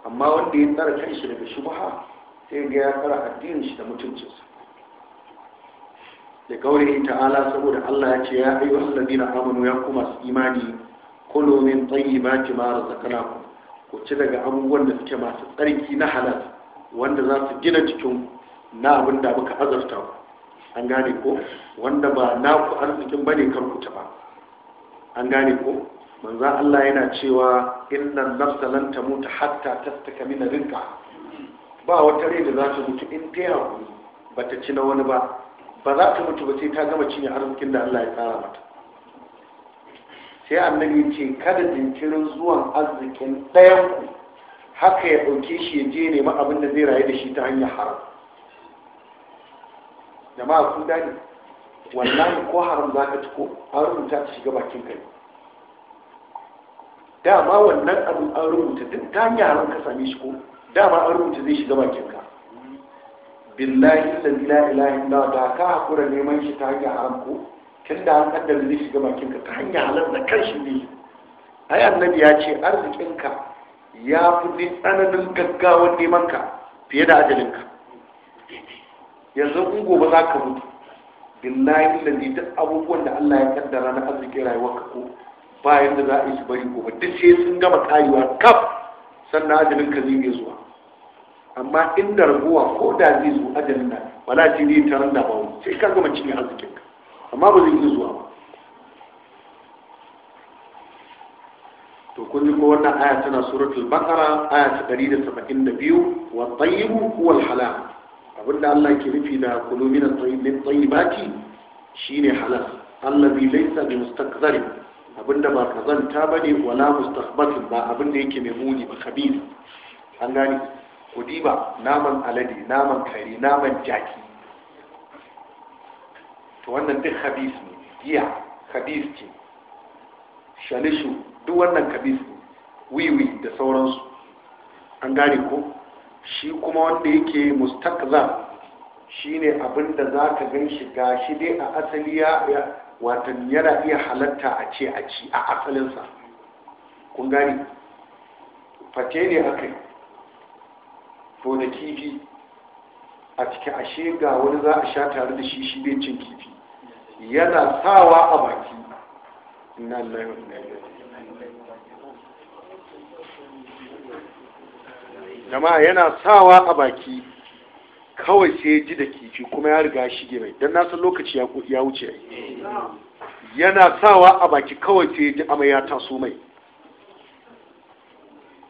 amma wanda ya tsara kan shi daga shubha sai ga ya tsara addinin shi da sa da gaurayin ta'ala saboda Allah ya ce ya ayyuhal ladina amanu ya kuma su imani kulu min tayyibati ma razaqnakum kuci ci daga abubuwan da suke masu tsarki na halal wanda za su gina cikin na abin da muka azarta ku an gane ko wanda ba na ku arzikin bane kan ku ba an gane ko manzo Allah yana cewa innan nafsa lan tamuta hatta min rizqa ba wata rai da za ta mutu in ta hakuri bata ci na wani ba ba za ta mutu ba sai ta gama cinye arzikin da Allah ya tsara mata sai annabi ce kada jinkirin zuwan arzikin ɗayan ku haka ya ɗauke shi ya je nema abin da zai rayu da shi ta hanyar haram jama'a kun gane Wannan ko haram za ka tuko an rubuta ta shiga bakin kai dama wannan abin an rubuta duk ta hanyar haram ka same shi ko dama an rubuta zai shiga bakin ka billahi la ilaha illa da ka hakura neman shi ta hanyar haram ko tun da an kaddara zai shiga bakinka ta hanyar halar da kan shi ne ai annabi ya ce arzikinka ya fi ne tsananin gaggawan ka fiye da ajalinka yanzu in gobe za ka mutu billahi lalli duk abubuwan da Allah ya kaddara na arzikin rayuwarka ko bayan da za a yi su bari gobe duk sai sun gama kayewa kaf sannan ajalinka zai iya zuwa amma inda raguwa ko da zai zo ajalin na wala ce zai tarar da bawo sai ka gama cikin arzikinka amma ba zai zuwa ba to kun ji ko wannan aya tana suratul baqara aya ta 172 wa tayyibu huwa halal abinda Allah ke nufi da kulu min at-tayyibati shine halal allazi laysa bi mustaqdari abinda ba kazanta bane wala mustaqbati ba abinda yake mai muni ba kabir an gani ku ba, naman alade naman kare naman jaki to wannan duk hadis ne iya hadis ce shalishu duk wannan hadis ne wiwi da sauransu an gane ko shi kuma wanda yake mustakza shine abinda da za ka gan shi ga shi dai a asali ya watan yana iya halatta a ce a ci a asalinsa kun gani fate ne aka to da kifi a cikin ashe ga wani za a sha tare da shi shi bai cin kifi yana sawa a baki na lillahi wa inna ilaihi yana sawa a baki kawai sai ya ji da kifi kuma ya riga shige mai don nasu lokaci ya wuce yana sawa a baki kawai sai ya ji amai ya taso mai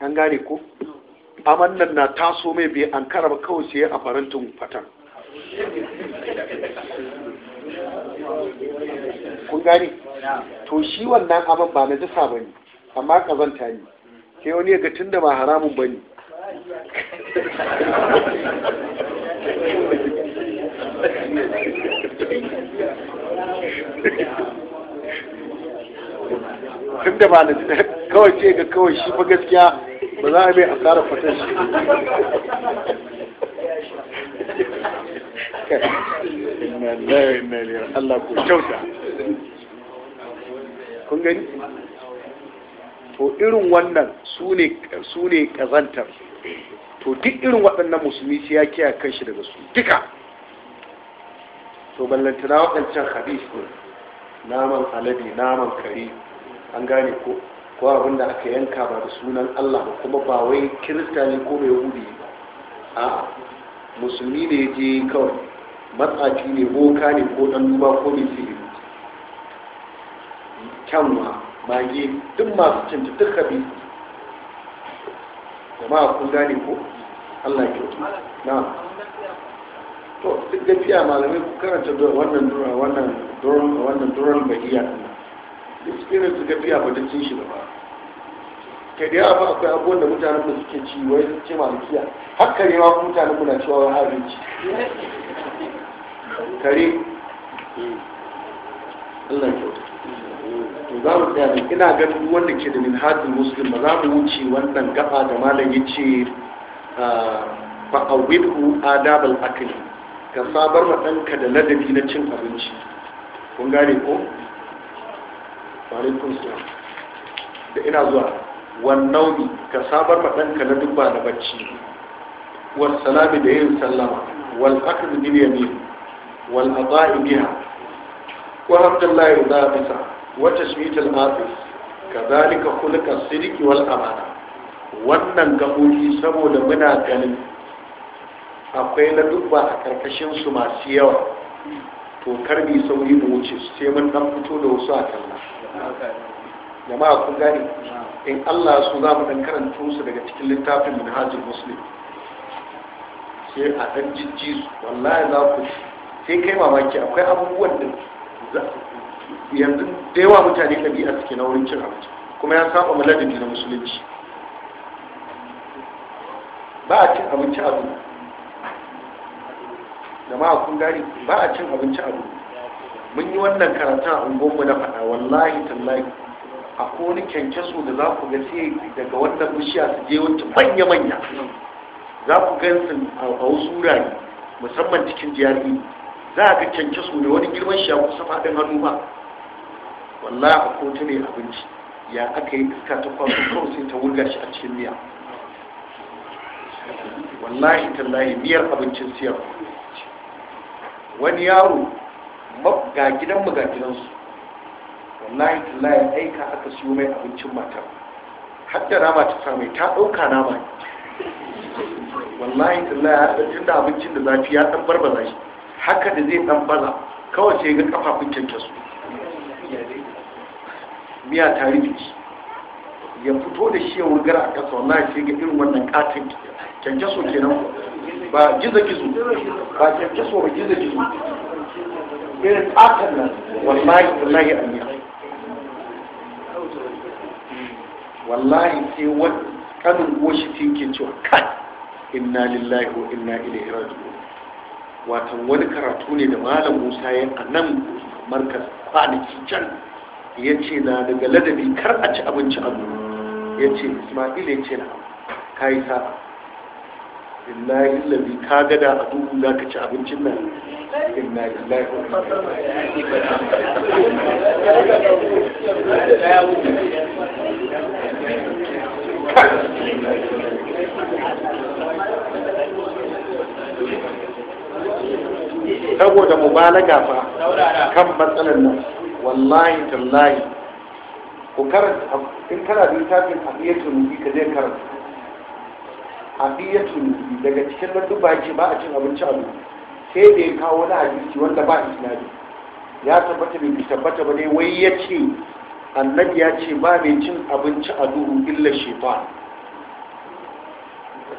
an gane ko amma nan na taso mai bai an kara ba kawai sai ya a farantin fatan kun gane to shi wannan abin ba na jisa ba ne amma kazanta ne sai wani ya ga tun da ba haramun ba ne tun da ba na kawai ce ga kawai shi ba gaskiya ba za a mai asara fatan shi Allah ku kyauta kun gani to irin wannan su ne kazantar to duk irin waɗannan musulmi sai ya kiyaye shi daga su duka to ballantana waɗancan hadis ne naman alade naman kare an gane ko ko abin da aka yanka ba da sunan Allah ba kuma ba wai kirista ne ko mai wuri ba a musulmi ne ya je kawai matsaci ne boka ne ko ɗan duba ko mai sihiri kyanwa mage duk masu cinta duk habi jama'a kun gane ko allah ke na to duk gafiya malamai ku karanta wannan duran wannan duran wannan duran bahiya din spirit gafiya ba duk cin shi ba kai da yawa akwai abubuwan da mutanen da suke ci wai su ce malikiya haka ne ma mutanen mu na cewa wai abinci kare Allah kyauta za mu tsaya ina ganin wanda ke da minhajul muslim ba za mu wuce wannan gaba da malam yace ah, fa awidhu adabal akli ka sabar ma ɗanka da ladabi na cin abinci kun gane ko wa alaikum da ina zuwa wannaumi ka sabar ma ɗanka na dubba da bacci salami da yin sallama wal akhdh bil yamin والأضاء بها وعبد الله يضابط وتسمية الآفز كذلك خلق الصدق والأمانة wannan gaɓoɓi saboda muna ganin akwai na dubba a ƙarƙashinsu masu yawa to karbi sauri mu wuce sai mun dan fito da wasu a kalla jama'a ku gane in Allah su za mu dan karanto su daga cikin littafin minhajul muslim sai a dan jijji su wallahi za ku sai kai mamaki akwai abubuwan da yanzu da yawa mutane ɗabi'a suke na wurin cin abinci kuma ya saba maladabi na musulunci ba a cin abinci abu da ma kun gari ba a cin abinci abu mun yi wannan karatun a ungonmu na faɗa wallahi tallahi a kone kyankyaso da za ku ga sai daga wannan bishiya su je wata manya-manya za ku gan su a wasu wurare musamman cikin jihar za a ga kyankyaso da wani girman shi a kusa faɗin hannu ba wallahi a ko ne abinci ya aka yi iska ta kwaso kawai sai ta wurga shi a cikin miya wallahi tallahi miyar abincin siyar wani yaro ga gidan mu ga gidansu wallahi tallahi aika aka siyo mai abincin matar hadda nama ta samai ta ɗauka nama wallahi tallahi ya ɗan tunda abincin da zafi ya ɗan barbaza shi haka da zai dan baza kawai sai ga kafafun kyankyasu miya ta rikici ya fito da shi ya wurgar a kasa wallahi sai ga irin wannan katin kyankyaso kenan ba giza gizo ba kyankyaso ba giza gizo irin katin nan wallahi wallahi amiya wallahi sai wani kanin goshi tinkin cewa kai inna lillahi wa inna ilaihi raji'un watan wani karatu ne da malam musa ya a nan markas kwanaki can ya ce na daga ladabi kar a ci abinci a ya ce ismail ya ce na ka yi sa inna illabi ka gada a duhu za ka ci abincin nan inna illahi Thank you. saboda mubalaga fa kan matsalar nan wallahi tallahi ku karanta in kana da littafin hadiyatu nubi ka zai karanta hadiyatu nubi daga cikin lalluba baki ba a cin abinci a nubi sai da ya kawo wani hadisi wanda ba a tunani. ya tabbata bai tabbata ba ne wai ya ce annabi ya ce ba mai cin abinci a duhu illa shefa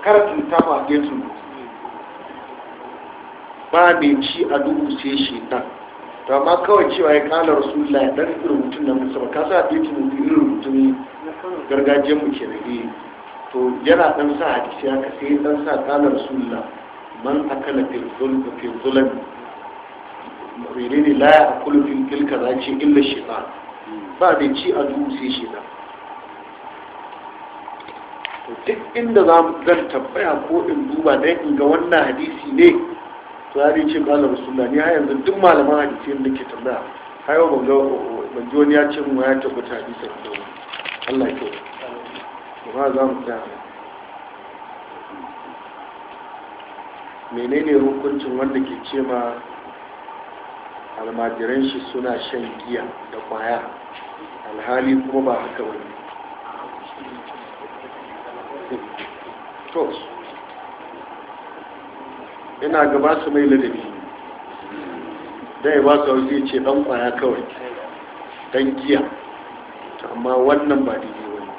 karatu ta ma hadiyatu nubi ba mai ci a duhu sai shekar to amma kawai cewa ya kala rasulullah ya dan rubutun rubutun nan musamman ka sa ɗin tunu irin rubutun gargajiyar mu ke da eh to yana dan sa hadisi haka sai dan sa kala rasulullah man akala fil zulm fil zulm menene la ya fil tilka za ce illa shaitan ba mai ci a duhu sai shaitan to duk inda za mu zan tambaya ko in duba dan in ga wannan hadisi ne sahabi ce malam suna ni har yanzu duk malaman hadisi da ke tambaya har yau ban ga ban ji wani ya ce mu ya tabbata hadisi da Allah ke kyauta kuma za mu tsaya menene hukuncin wanda ke ce ma almajiran shi suna shan giya da kwaya alhali kuma ba haka wani to ina ga ba su mai ladabi dai ba su zai ce ɗan ƙwaya kawai ɗan giya amma wannan ba daidai wani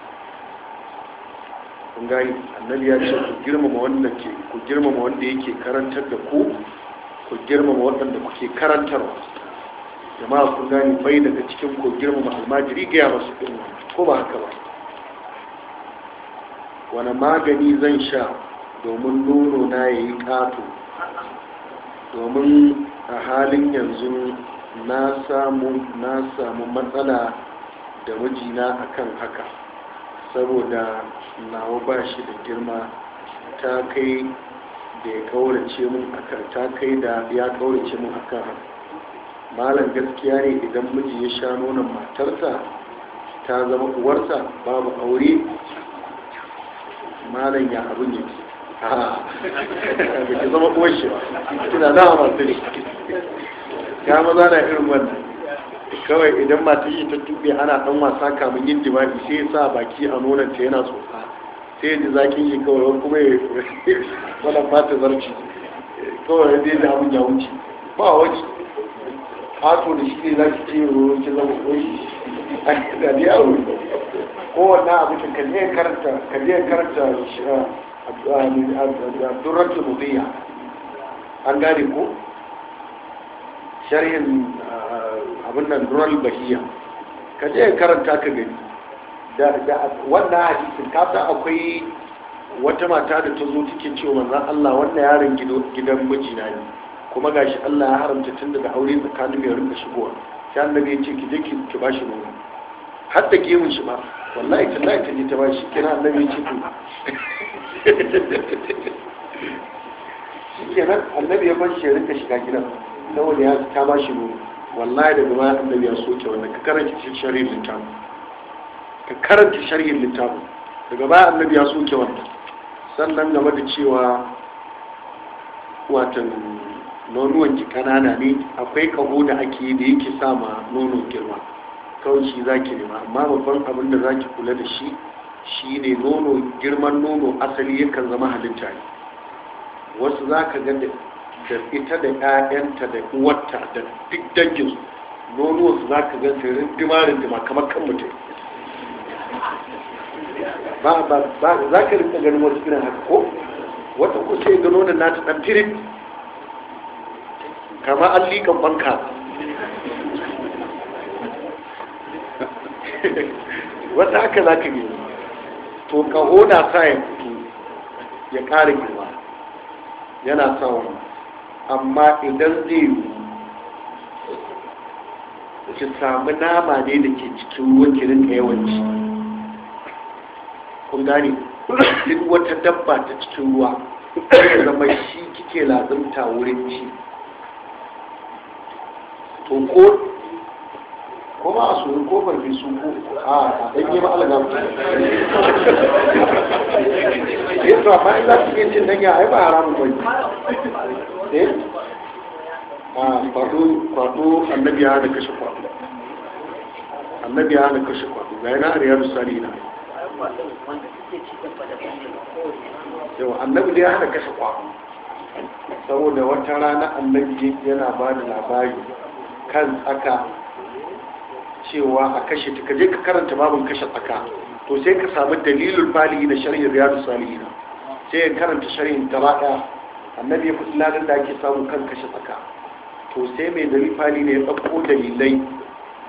kun gani annabi ya ce ku girmama wanda ke ku girmama wanda yake karantar da ku ku girmama waɗanda kuke karantarwa jama'a kun gani bai daga cikin ku girmama almajiri gaya masu ɗin ko ba haka ba wani magani zan sha domin nono na ya yi ƙato domin a halin yanzu na samu na samu matsala da mijina akan haka saboda nawa ba shi da girma ta kai da ya kaurace mun akan ta kai da ya kaurace mun malam gaskiya ne idan miji ya sha nonon matarsa ta zama uwarsa babu aure malam ya abin yake ba ki zama uwar shi ba kina dama masu ne ya maza na irin wannan kawai idan mata yi ta tuɓe ana ɗan wasa kamun yin jima'i sai sa baki a nonon ta yana tsotsa sai ji zakin shi kawai wani kuma ya yi wani fata zarci kawai zai da abin ya wuce ba wani fato da shi ne za ki ce ruwan ki zama koyi a da yaro kowanne abu ka je karanta ka karanta ah, durratu mubiya an gane ko sharhin ah, abin nan rural bahiya ka je karanta ka gani da wannan hadisin ka san akwai wata mata da ta zo cikin cewa manzon Allah wannan yaron gidan mijina ne kuma gashi Allah ya haramta tun daga aure tsakanin mai rinka shigowa sai annabi ya ce ki je ki ba shi nono har da gemun shi ba wallahi tallahi ta je ta bashi kenan annabi ciki shi ke nan annabi ya bashi ya rinka shiga gidan wani ya ta bashi mu wallahi daga baya annabi ya soke wanda ka karanta shari'in littafin ka karanta shari'in littafin daga baya annabi ya soke wanda. sannan game da cewa watan nonuwan ki kanana ne akwai kaho da ake da yake sama nono girma kawai shi za ki nema amma babban abin da za ki kula da shi shi ne nono girman nono asali yakan zama halitta ne wasu za ka ga da ita da 'ya'yanta da uwarta da duk danginsu nono su za ka ga su rindima-rindima kamar kan mutum ba ba ba za ka rinka ganin wasu irin haka ko wata ku sai ga nonon nata ɗan firin kama an liƙan banka wata haka za ka nemi to kaho na sa ya fito ya ƙara girma yana sa amma idan zai yi ki samu nama ne da ke cikin ruwan ka yawanci kun gane duk wata dabba ta cikin ruwa ya zama shi kike lazimta wurin ci to ko ko a soyi ko farfi su ko a dan yi ma'ala ga mutum eh to in za su iya cin danya ai ba haramun ba eh a kwato kwato annabi ya da kashe kwato annabi ya da kashe kwato ga yana a Sani na. yau annabi da ya hana kashe kwato saboda wata rana annabi yana ba da labari kan tsaka cewa a kashe ta kaje ka karanta babin kashe tsaka to sai ka samu dalilul bali na shari'in riyadu salihin sai ya karanta shari'in gaba daya annabi ya fi ladan da ake samu kan kashe tsaka to sai mai dalil bali ne ya tsakko dalilai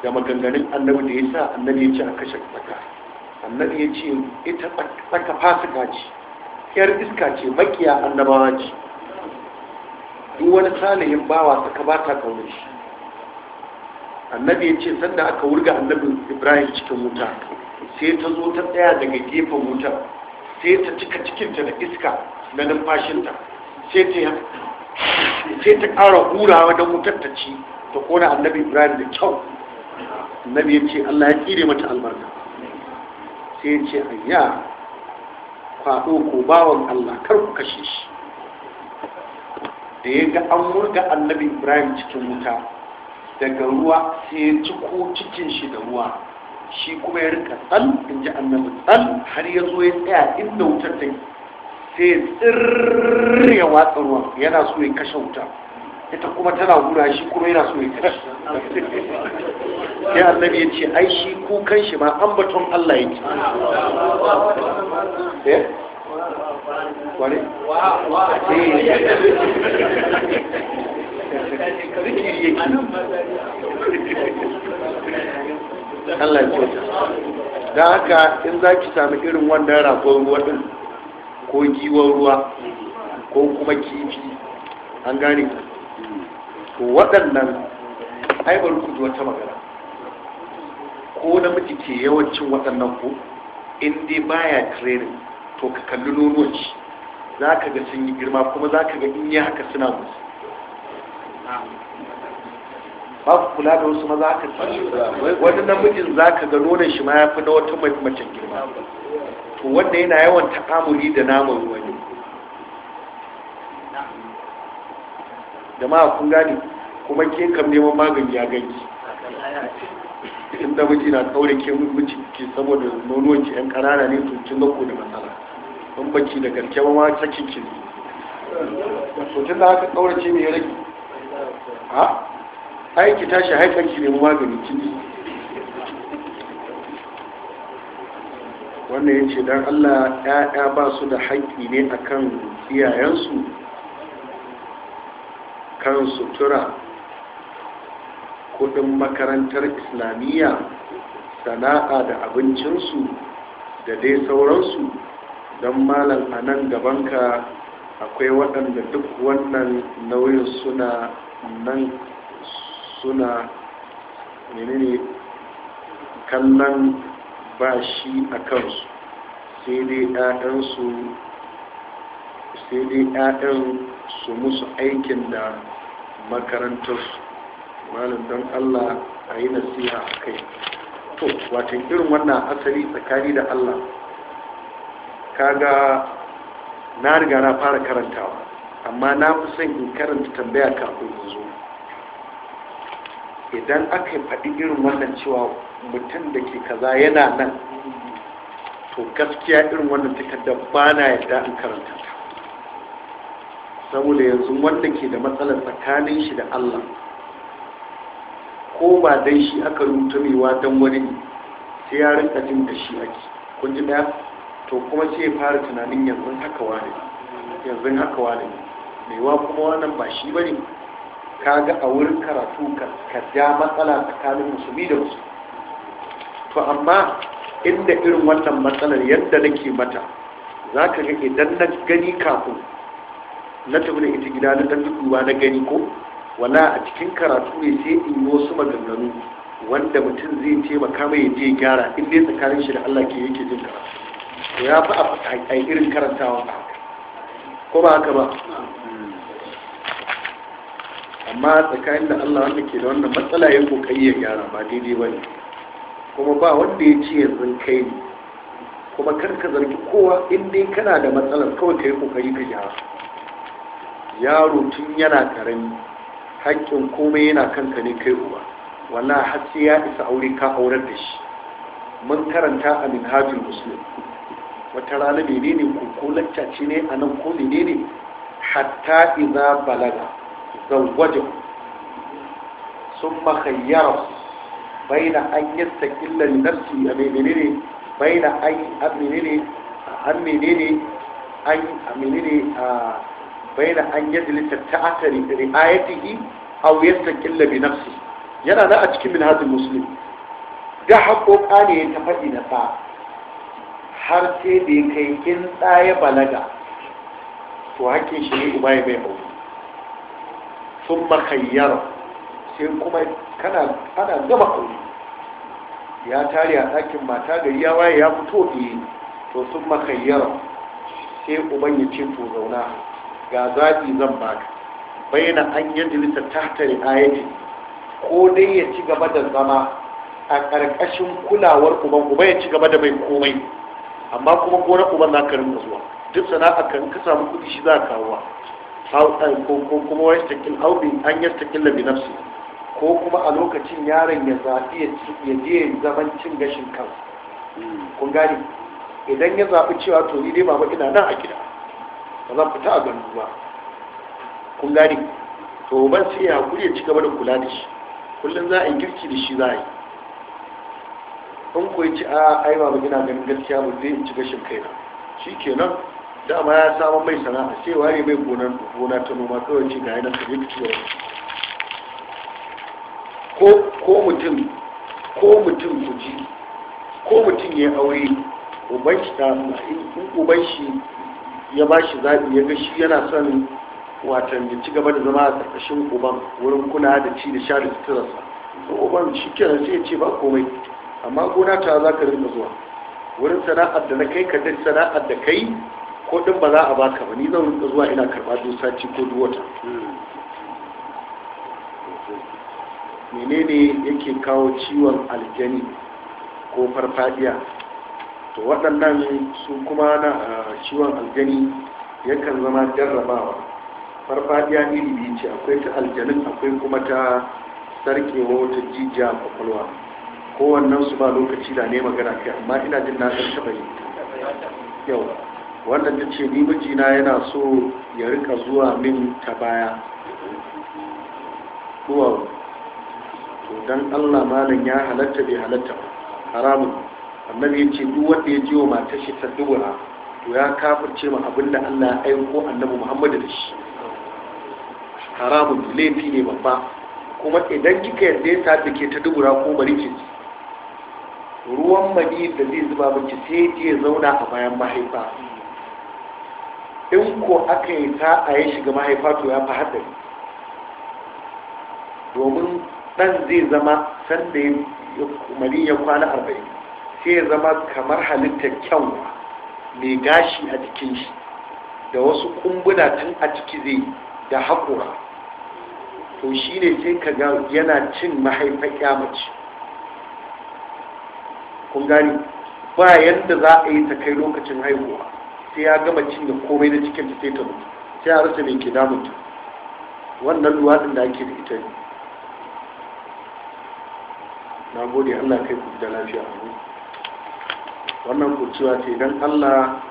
da maganganun annabi da ya sa annabi ya ce a kashe tsaka annabi ya ce ita tsaka fasika ce yar iska ce makiya annabawa ce duk wani salihin bawa tsaka ba ta kaunar shi annabi ya ce sanda aka wurga annabin ibrahim cikin wuta sai ta zo ta tsaya daga gefen wutar sai ta cika cikinta da iska na numfashinta sai ta ƙara hurawa don wutar ta ci ta kona annabi ibrahim da kyau annabi ya ce allah ya tsire mata albarka sai ya ce ayya kwaɗo ko bawan allah kar ku kashe shi da ya ga an wurga annabi ibrahim cikin wuta daga ruwa sai ya ciko cikin shi da ruwa shi kuma ya rika tsal in ji annabi tsal har ya zo ya tsaya inda wutar take sai tsirr ya watsa ruwan yana so ya kashe wuta ita kuma tana gura shi kuma yana so ya kashe sai annabi ya ce ai shi kukan shi ma batun Allah ya ce eh? kware eh. Allah ya kyauta da haka in za ki sami irin wannan ragon ruwa din ko giwon ruwa ko kuma kifi an gane to waɗannan aibar kudu wata magana ko namiji ke yawancin waɗannan ku. in dai baya training to ka kalli nonuwan shi za ka ga sun yi girma kuma za ka ga in yi haka suna musu ba ku kula da wasu maza haka wani namijin za ka ga nonon shi ma ya fi na wata mace girma to wanda yana yawan ta'amuri da naman wani a kun gane kuma ke kam neman magani ya ganki inda miji na kaure ke miji ke saboda nonuwan ki yan ƙanana ne to kin ga ko da matsala Bambanci da garke ba ma cikin cin ne tun da aka kaurace ne ya rage ha aiki tashi ne magani ciki. wannan ya ce don allah ya'ya ba su da haƙƙi ne kan iyayensu kan sutura kudin makarantar islamiyya sana'a da abincinsu da dai sauransu don malam a nan gabanka akwai waɗanda duk wannan nauyin suna nan suna menene kallon bashi a kansu sai dai 'ya'yan su musu aikin da makarantarsu malam don allah a yi nasiha a kai to watan irin wannan asali tsakani da allah kaga na riga na fara karantawa amma na fi son in karanta tambaya kafin in zo idan aka yi faɗi irin wannan cewa mutum da ke kaza yana nan to gaskiya irin wannan takarda ba na yadda in karanta saboda yanzu wanda ke da matsalar tsakanin shi da allah ko ba dai shi aka rubuta mewa don wani sai ya rinka jin da shi ake kun ji daya to kuma ce ya fara tunanin yanzu haka wane yanzu haka wane mai kuma wannan ba shi bane ga a wurin karatu ka ja matsala tsakanin musulmi da musu to amma inda irin wannan matsalar yadda nake mata za ka ga idan na gani kafin na tafi da ita gida na ɗan duba na gani ko wala a cikin karatu ne sai in yi wasu maganganu wanda mutum zai taimaka mai ya je gyara in dai tsakanin shi da Allah ke yake jin karatu ya fi a irin karantawa ko ba haka ba amma tsakanin da Allah wanda ke da wannan matsala ya kokari ya gyara ba daidai ba ne kuma ba wanda ya ce yanzu kai ne kuma kar ka zargi kowa in dai kana da matsalar kawai ka yi kokari ka gyara yaro tun yana karami haƙƙin komai yana kanka ne kai uba wala har sai ya isa aure ka aurar da shi mun karanta a minhajul muslim wata rana menene ko ko laccaci ne a nan ko menene hatta idza balaga zawwaja summa khayyara baina an yastaqilla li nafsi a menene baina an menene an menene an menene a an bi nafsi yana da a cikin minhajul muslim da haƙoƙa ne ta faɗi na sa har sai da ya kai in ɗaya balaga to hakkin shi ne uba ya bai bauta sun makayyar sai kuma kana ana gama aure ya tare a ɗakin mata gari ya waye ya fito ɗaya eh. to sun makayyar sai uban ya ce to zauna ga zaɓi zan baka bayyana an yi jilisa tattare ayati ko dai ya ci gaba da zama a ƙarƙashin kulawar uban uba ya ci gaba da mai komai amma kuma ko na uban za ka rinka zuwa duk sana'a kan ka samu kudi shi za ka kawo eh, ko kuma wai stakin aubi an yi stakin labi nafsi ko kuma a lokacin yaron ya zaɓi ya je zaman cin gashin kan kun idan ya zaɓi cewa to ni dai baba ina nan a gida ba zan fita a gandu ba kun to ban sai ya hakuri ya ci gaba da kula da shi kullum za a yi girki da shi za a yi in ku ci a ai ba mu ganin gaskiya ba zai ci gashin kai na shi ke nan dama ya samun mai sana'a sai waye mai gonar gona ta noma kawai ce ga yana kaje ko mutum ko mutum ku ko mutum ya aure uban ta in uban shi ya ba shi zaɓi ya ga shi yana son watan ya ci gaba da zama a ƙarƙashin uban wurin kula da ci da sha da suturarsa to uban shi kenan sai ya ce ba komai amma gona ta za ka rinna zuwa wurin sana'ar da na kai ka dai sana'ar da kai ko din ba za a baka ba ni zan rinka zuwa ina karɓa duk sati ko duk wata menene yake kawo ciwon aljani ko farfadiya to waɗannan su kuma na ciwon aljani yakan zama jarrabawa farfadiya iri biyu ce akwai ta aljanin akwai kuma ta sarkewa ta jijiya kwakwalwa kowannen su ba lokaci da ne magana kai amma ina jin na san taba yi yau wannan ta ce ni mijina yana so ya rika zuwa min ta baya duwawu to dan Allah malam ya halatta bai halatta ba haramun annabi ya ce duk wanda ya jiwa matar shi ta dubura to ya kafirce ma abinda Allah ya aiko annabi Muhammadu da shi haramun laifi ne babba kuma idan kika yarda ya sa ke ta dubura ko bari ki ruwan mani da zai zuba miki sai ya zauna a bayan mahaifa in ko aka yi ta a ya shiga mahaifa to ya fi haɗari domin ɗan zai zama sanda mani ya kwana arba'in sai ya zama kamar halittar kyanwa mai gashi a jikin shi da wasu kumbuna tun a ciki zai da haƙura to shi ne sai ka ga yana cin mahaifar mace kun gani ba yadda za a yi ta kai lokacin haihuwa sai ya gama cinye komai na cikin sai ta mutu sai a rasa mai ke ta. wannan din da ake da ita ne na gode allah kai ku da lafiya a wannan kurciwa ce don allah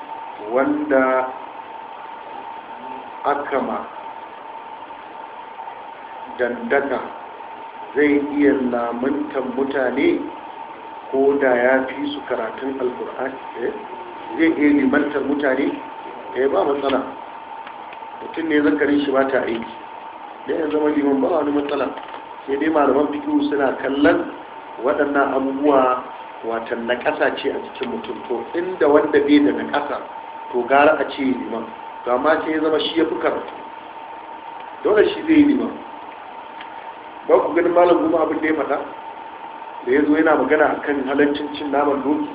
wanda aka ma dandaka zai iya lamuntan mutane ko da ya fi su karatun alkur'ani eh, zai iya limantar mutane da eh, ya ba matsala mutum ne zakarin shi ba ta aiki da ya zama liman ba wani matsala sai dai malaman fikihu suna kallon waɗannan abubuwa watan na ƙasa ce a cikin mutum to inda wanda bai da na ƙasa to gara a ce liman to amma sai ya zama shi ya fi karatu dole shi zai yi liman ba ku ganin malam kuma abin da ya faɗa da ya zo yana magana a kan halaccin cin naman doki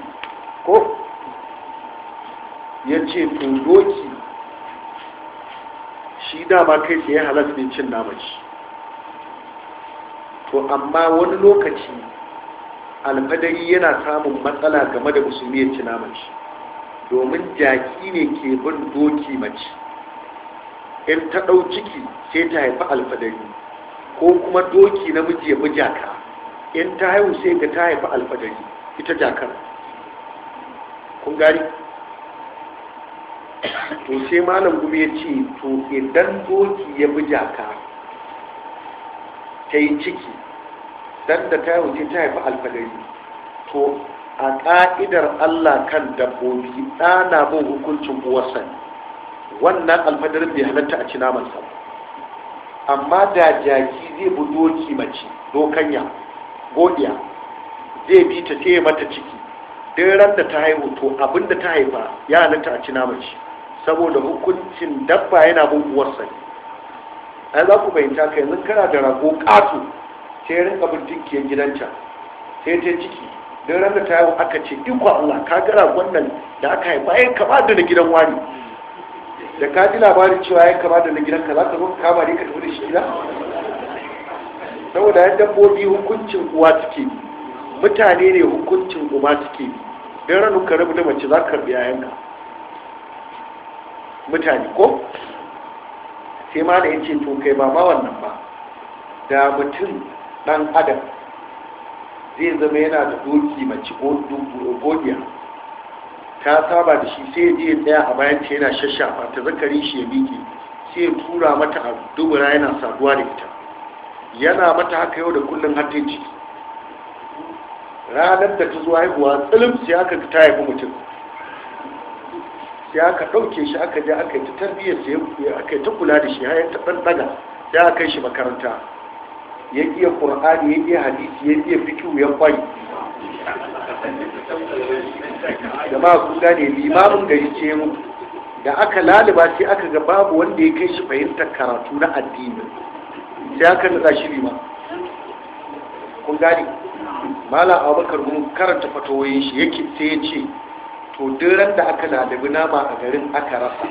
ko ya ce to doki shi dama kai ya halatta ne cin naman shi to amma wani lokaci alfadari yana samun matsala game da musulmi ya ci naman shi domin jaki ne ke bin doki mace in ta ɗau ciki sai ta haifi alfadari ko kuma doki namiji ya bi jaka in ta haihu sai ga ta haifi alfadari ita jakar kun gari? to sai malam gumi ya ce to idan doki ya bi jaka ta yi ciki dan da ta haihu sai ta haifi alfadari to a ƙa'idar Allah kan dabbobi ɗana bin hukuncin uwarsa wannan alfadarin bai halatta a ci namansa amma da jaki zai bi doki mace dokanya godiya zai bi ta sai mata ciki duk ran da ta haihu to abin da ta haifa ya halatta a ci mace saboda hukuncin dabba yana bin uwarsa ne ai za ku fahimta ka yanzu kana da rago ƙato sai rinka bin dukiyar gidanta sai ta ciki duk ran da ta haihu aka ce ikwa Allah ka ga ragon nan da aka haifa ya kama da na gidan wani da ka ji labarin cewa ya kama da na gidan ka za ka zo ka kama ne ka tafi da shi gida saboda yan dabbobi hukuncin uwa suke mutane ne hukuncin uba suke don ranar ka rabu da mace za ka karbi ka mutane ko sai ma da ya ce to kai ba ma wannan ba da mutum dan adam zai zama yana da doki mace godiya ta saba da shi sai je daya a bayan ce yana shashafa ta zakari shi ya miƙe sai ya tura mata a dubura yana saduwa da ita yana mata haka yau da kullum hatin ciki ranar da ta zuwa haihuwa tsilim sai aka ta haifi mutum sai aka ɗauke shi aka je aka yi ta tarbiyyar sai aka yi ta kula da shi har ta ɗan ɗaga sai aka kai shi makaranta ya iya ƙur'ani ya iya hadisi ya iya fiki ya kwai ma kun gane limamin gari ce mu da aka laliba sai aka ga babu wanda ya kai shi fahimtar karatu na addini sai aka nuna shiri ma kun gani malam abubakar mun karanta fatawoyin shi yake sai ya ce to duran da aka lalabi nama a garin aka rasa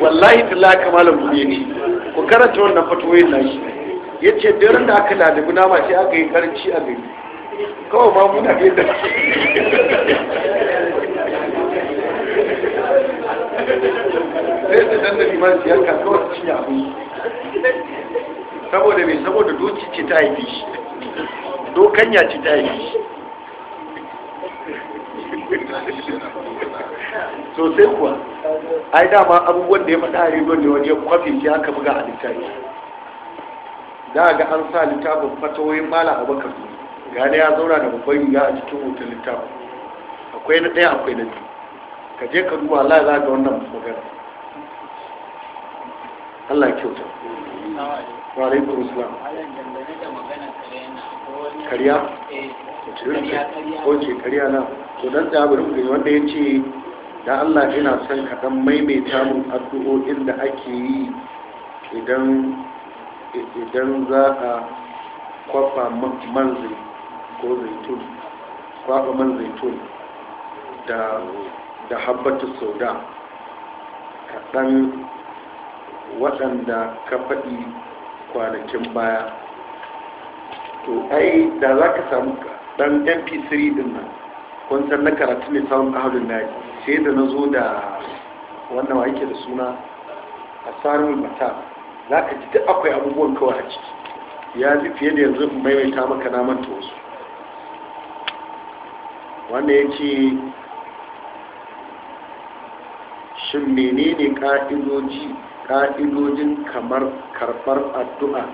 wallahi tallaka malam buɗe ne ku karanta wannan fatawoyin nashi ya ce duran da aka lalabi nama sai aka yi karanci a gari kawai ma muna ne da sai da dan da liman siyar ka kawai ci abu saboda mai saboda doki ce ta haifi shi ya ce ta haifi shi sosai kuwa ai dama abubuwan da ya faɗa a rigon da wani ya kwafi shi aka buga a littafi za a ga an sa littafin fatawoyin mala su ga ya zauna da babban riga a cikin hoton littafi akwai na ɗaya akwai na biyu ka je ka duba Allah za ga wannan magana Allah ya kyauta wa alaikum salam eh, kariya ko ce kariya na to dan da abu da wanda ya ce da Allah ina son ka dan maimaita mun addu'o'in da ake yi idan idan za ka kwafa manzili ko zaitun kwaba man zaitun da da habbatu sauda kaɗan waɗanda ka faɗi kwanakin baya to ai da za ka samu ɗan mp3 din nan san na karatu ne samun ahalin na sai da na zo da wannan wa yake da suna a tsarin mata za ka ji akwai abubuwan kawai a ciki ya ji fiye da yanzu maimaita maka naman ta wasu wanda ya ce shin menene ka'idojin kamar karɓar addu'a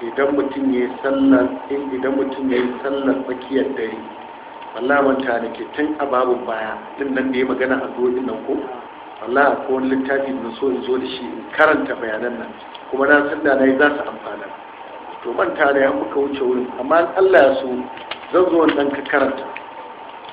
idan mutum ya yi sallar in idan mutum ya yi sallar tsakiyar dare Allah manta da ke tun a babu baya din nan da ya magana a addu'o'in nan ko Allah ko wani littafi da so in zo da shi in karanta bayanan nan kuma na san da nayi za su amfana to manta da ya muka wuce wurin amma Allah ya so zan zo wanda ka karanta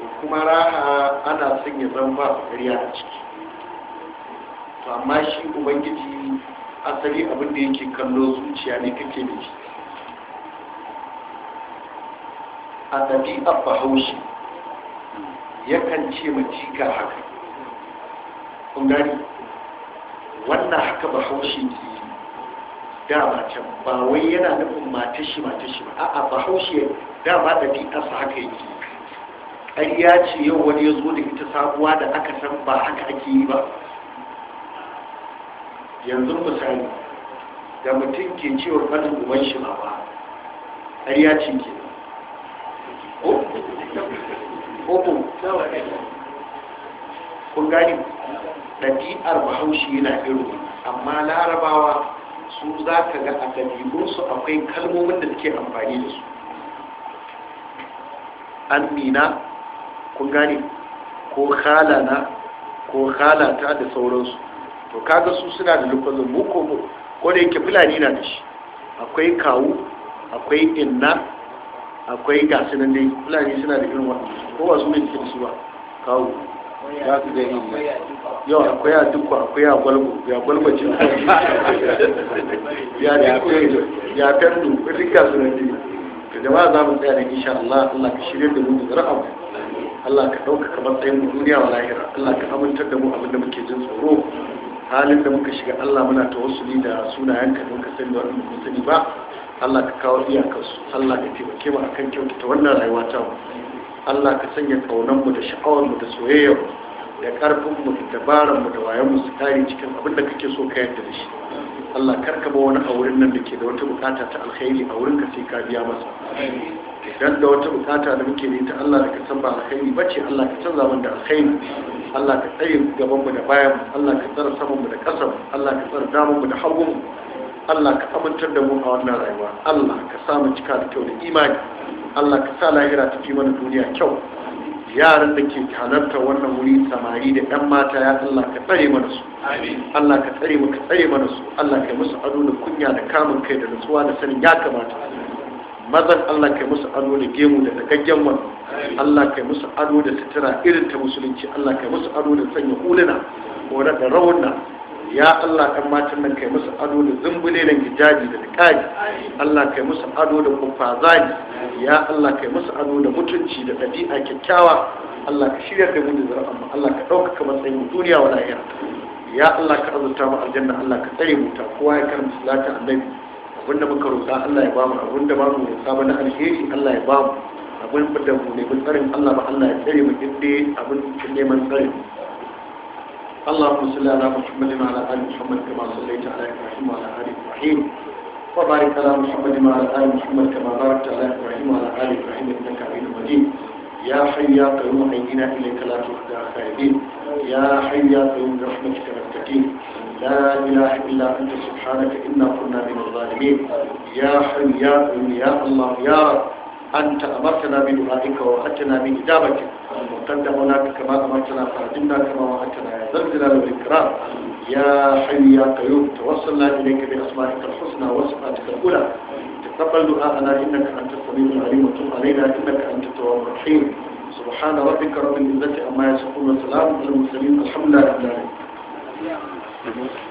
to kuma raha ana son ya zan ba ƙarya a ciki to amma shi ubangiji asali abin da yake kallo zuciya ne kake da shi a ɗabi'ar bahaushe yakan ce ma jika haka kun gani wannan haka bahaushe ke dama can ba wai yana nufin matashi matashi ba a'a bahaushe dama ɗabi'arsa haka yake ya ce yau wani ya zo da ita sabuwa da aka san ba haka ake yi ba yanzu misali da mutum ke cewa ɓarin uban shi ba ba ya ce ke ko kun gani ɗabi'ar bahaushe yana irin amma larabawa su za ka ga a ɗabi'unsu akwai kalmomin da suke amfani da su an mina kun gane ko halana ko halata da sauransu to kaga su suna da lokacin mu ko ko da yake fulani na da shi akwai kawu akwai inna akwai gasu nan dai fulani suna da irin wannan ko wasu su ne cikin su ba kawu za su gani inna yau akwai a dukku akwai a gwalgo ya gwalgo ce ya dukku ya fendu rika su nan dai jama'a za mu tsaya da insha Allah Allah ka shirye da mu da zara'a Allah ka ɗaukaka matsayin mu duniya wa lahira Allah ka amintar da mu abinda muke jin tsoro halin da muka shiga Allah muna tawassuli da sunayen ka sani wa mu sani ba Allah ka kawo iyakarsu Allah ka taimake mu akan kyautata wannan rayuwa ta mu Allah ka sanya kaunan mu da sha'awar mu da soyayyar da karfin mu da dabaran mu da wayan mu su kare cikin abin da kake so ka yarda da shi Allah karka ba wani a wurin nan da ke da wata bukata ta alkhairi a wurin ka sai ka biya masa idan da wata bukata da muke yi ta Allah da ka san ba alkhairi bace Allah ka canza mun da alkhairi Allah ka tsare gaban mu da bayan Allah ka tsare saman mu da kasar Allah ka tsare daman mu da mu. Allah ka amintar da mu a wannan rayuwa Allah ka sa mu cika da kyau da imani Allah ka sa lahira ta fi mana duniya kyau yaran da ke halarta wannan wuri samari da ɗan mata ya Allah ka tsare mana su Allah ka tsare mu ka tsare mana su Allah ka musu ado da kunya da kamun kai da nutsuwa da sanin ya kamata mazan Allah kai musu ado da gemu da dagaggen wani Allah kai musu ado da sutura irin ta musulunci Allah kai musu ado da sanya huluna kore da rawunna ya Allah kan matan nan kai musu ado da zumbule da gijaji da dikari Allah kai musu ado da kufazani ya Allah kai musu ado da mutunci da ɗabi'a kyakkyawa Allah ka shirya da mu da Amma Allah ka ɗaukaka matsayin duniya wa lahira ya Allah ka azurta mu aljanna Allah ka tsare mu ta kowa ya karanta salatin annabi abinda muka roƙa Allah ya bamu abinda ba mu roƙa ba na alheri Allah ya bamu abin da mu ne tsarin Allah ba Allah ya tsare mu inda abin cikin neman tsari Allahumma salli ala Muhammadin wa ala ali Muhammad kama sallaita ala Ibrahim wa ala ali Ibrahim wa barik ala Muhammadin wa ala ali Muhammad kama barakta ala Ibrahim wa ala ali Ibrahim innaka Hamidum Majid ya hayy ya qayyum ayyina ilayka la tuqda khayrin ya hayy ya qayyum rahmatika tatim لا إله إلا أنت سبحانك إنا كنا من الظالمين يا حي يا قيوم يا الله يا رب أنت أمرتنا بدعائك وأتنا بإجابتك وقدمنا كما أمرتنا فأدمنا كما وعدتنا يا ذا الجلال والإكرام يا حي يا قيوم توصلنا إليك بأسمائك الحسنى وصفاتك الأولى تقبل دعاءنا إنك أنت السميع العليم وتب علينا إنك أنت التواب الرحيم سبحان ربك رب العزة عما يصفون وسلام على المرسلين الحمد لله رب العالمين Mm-hmm.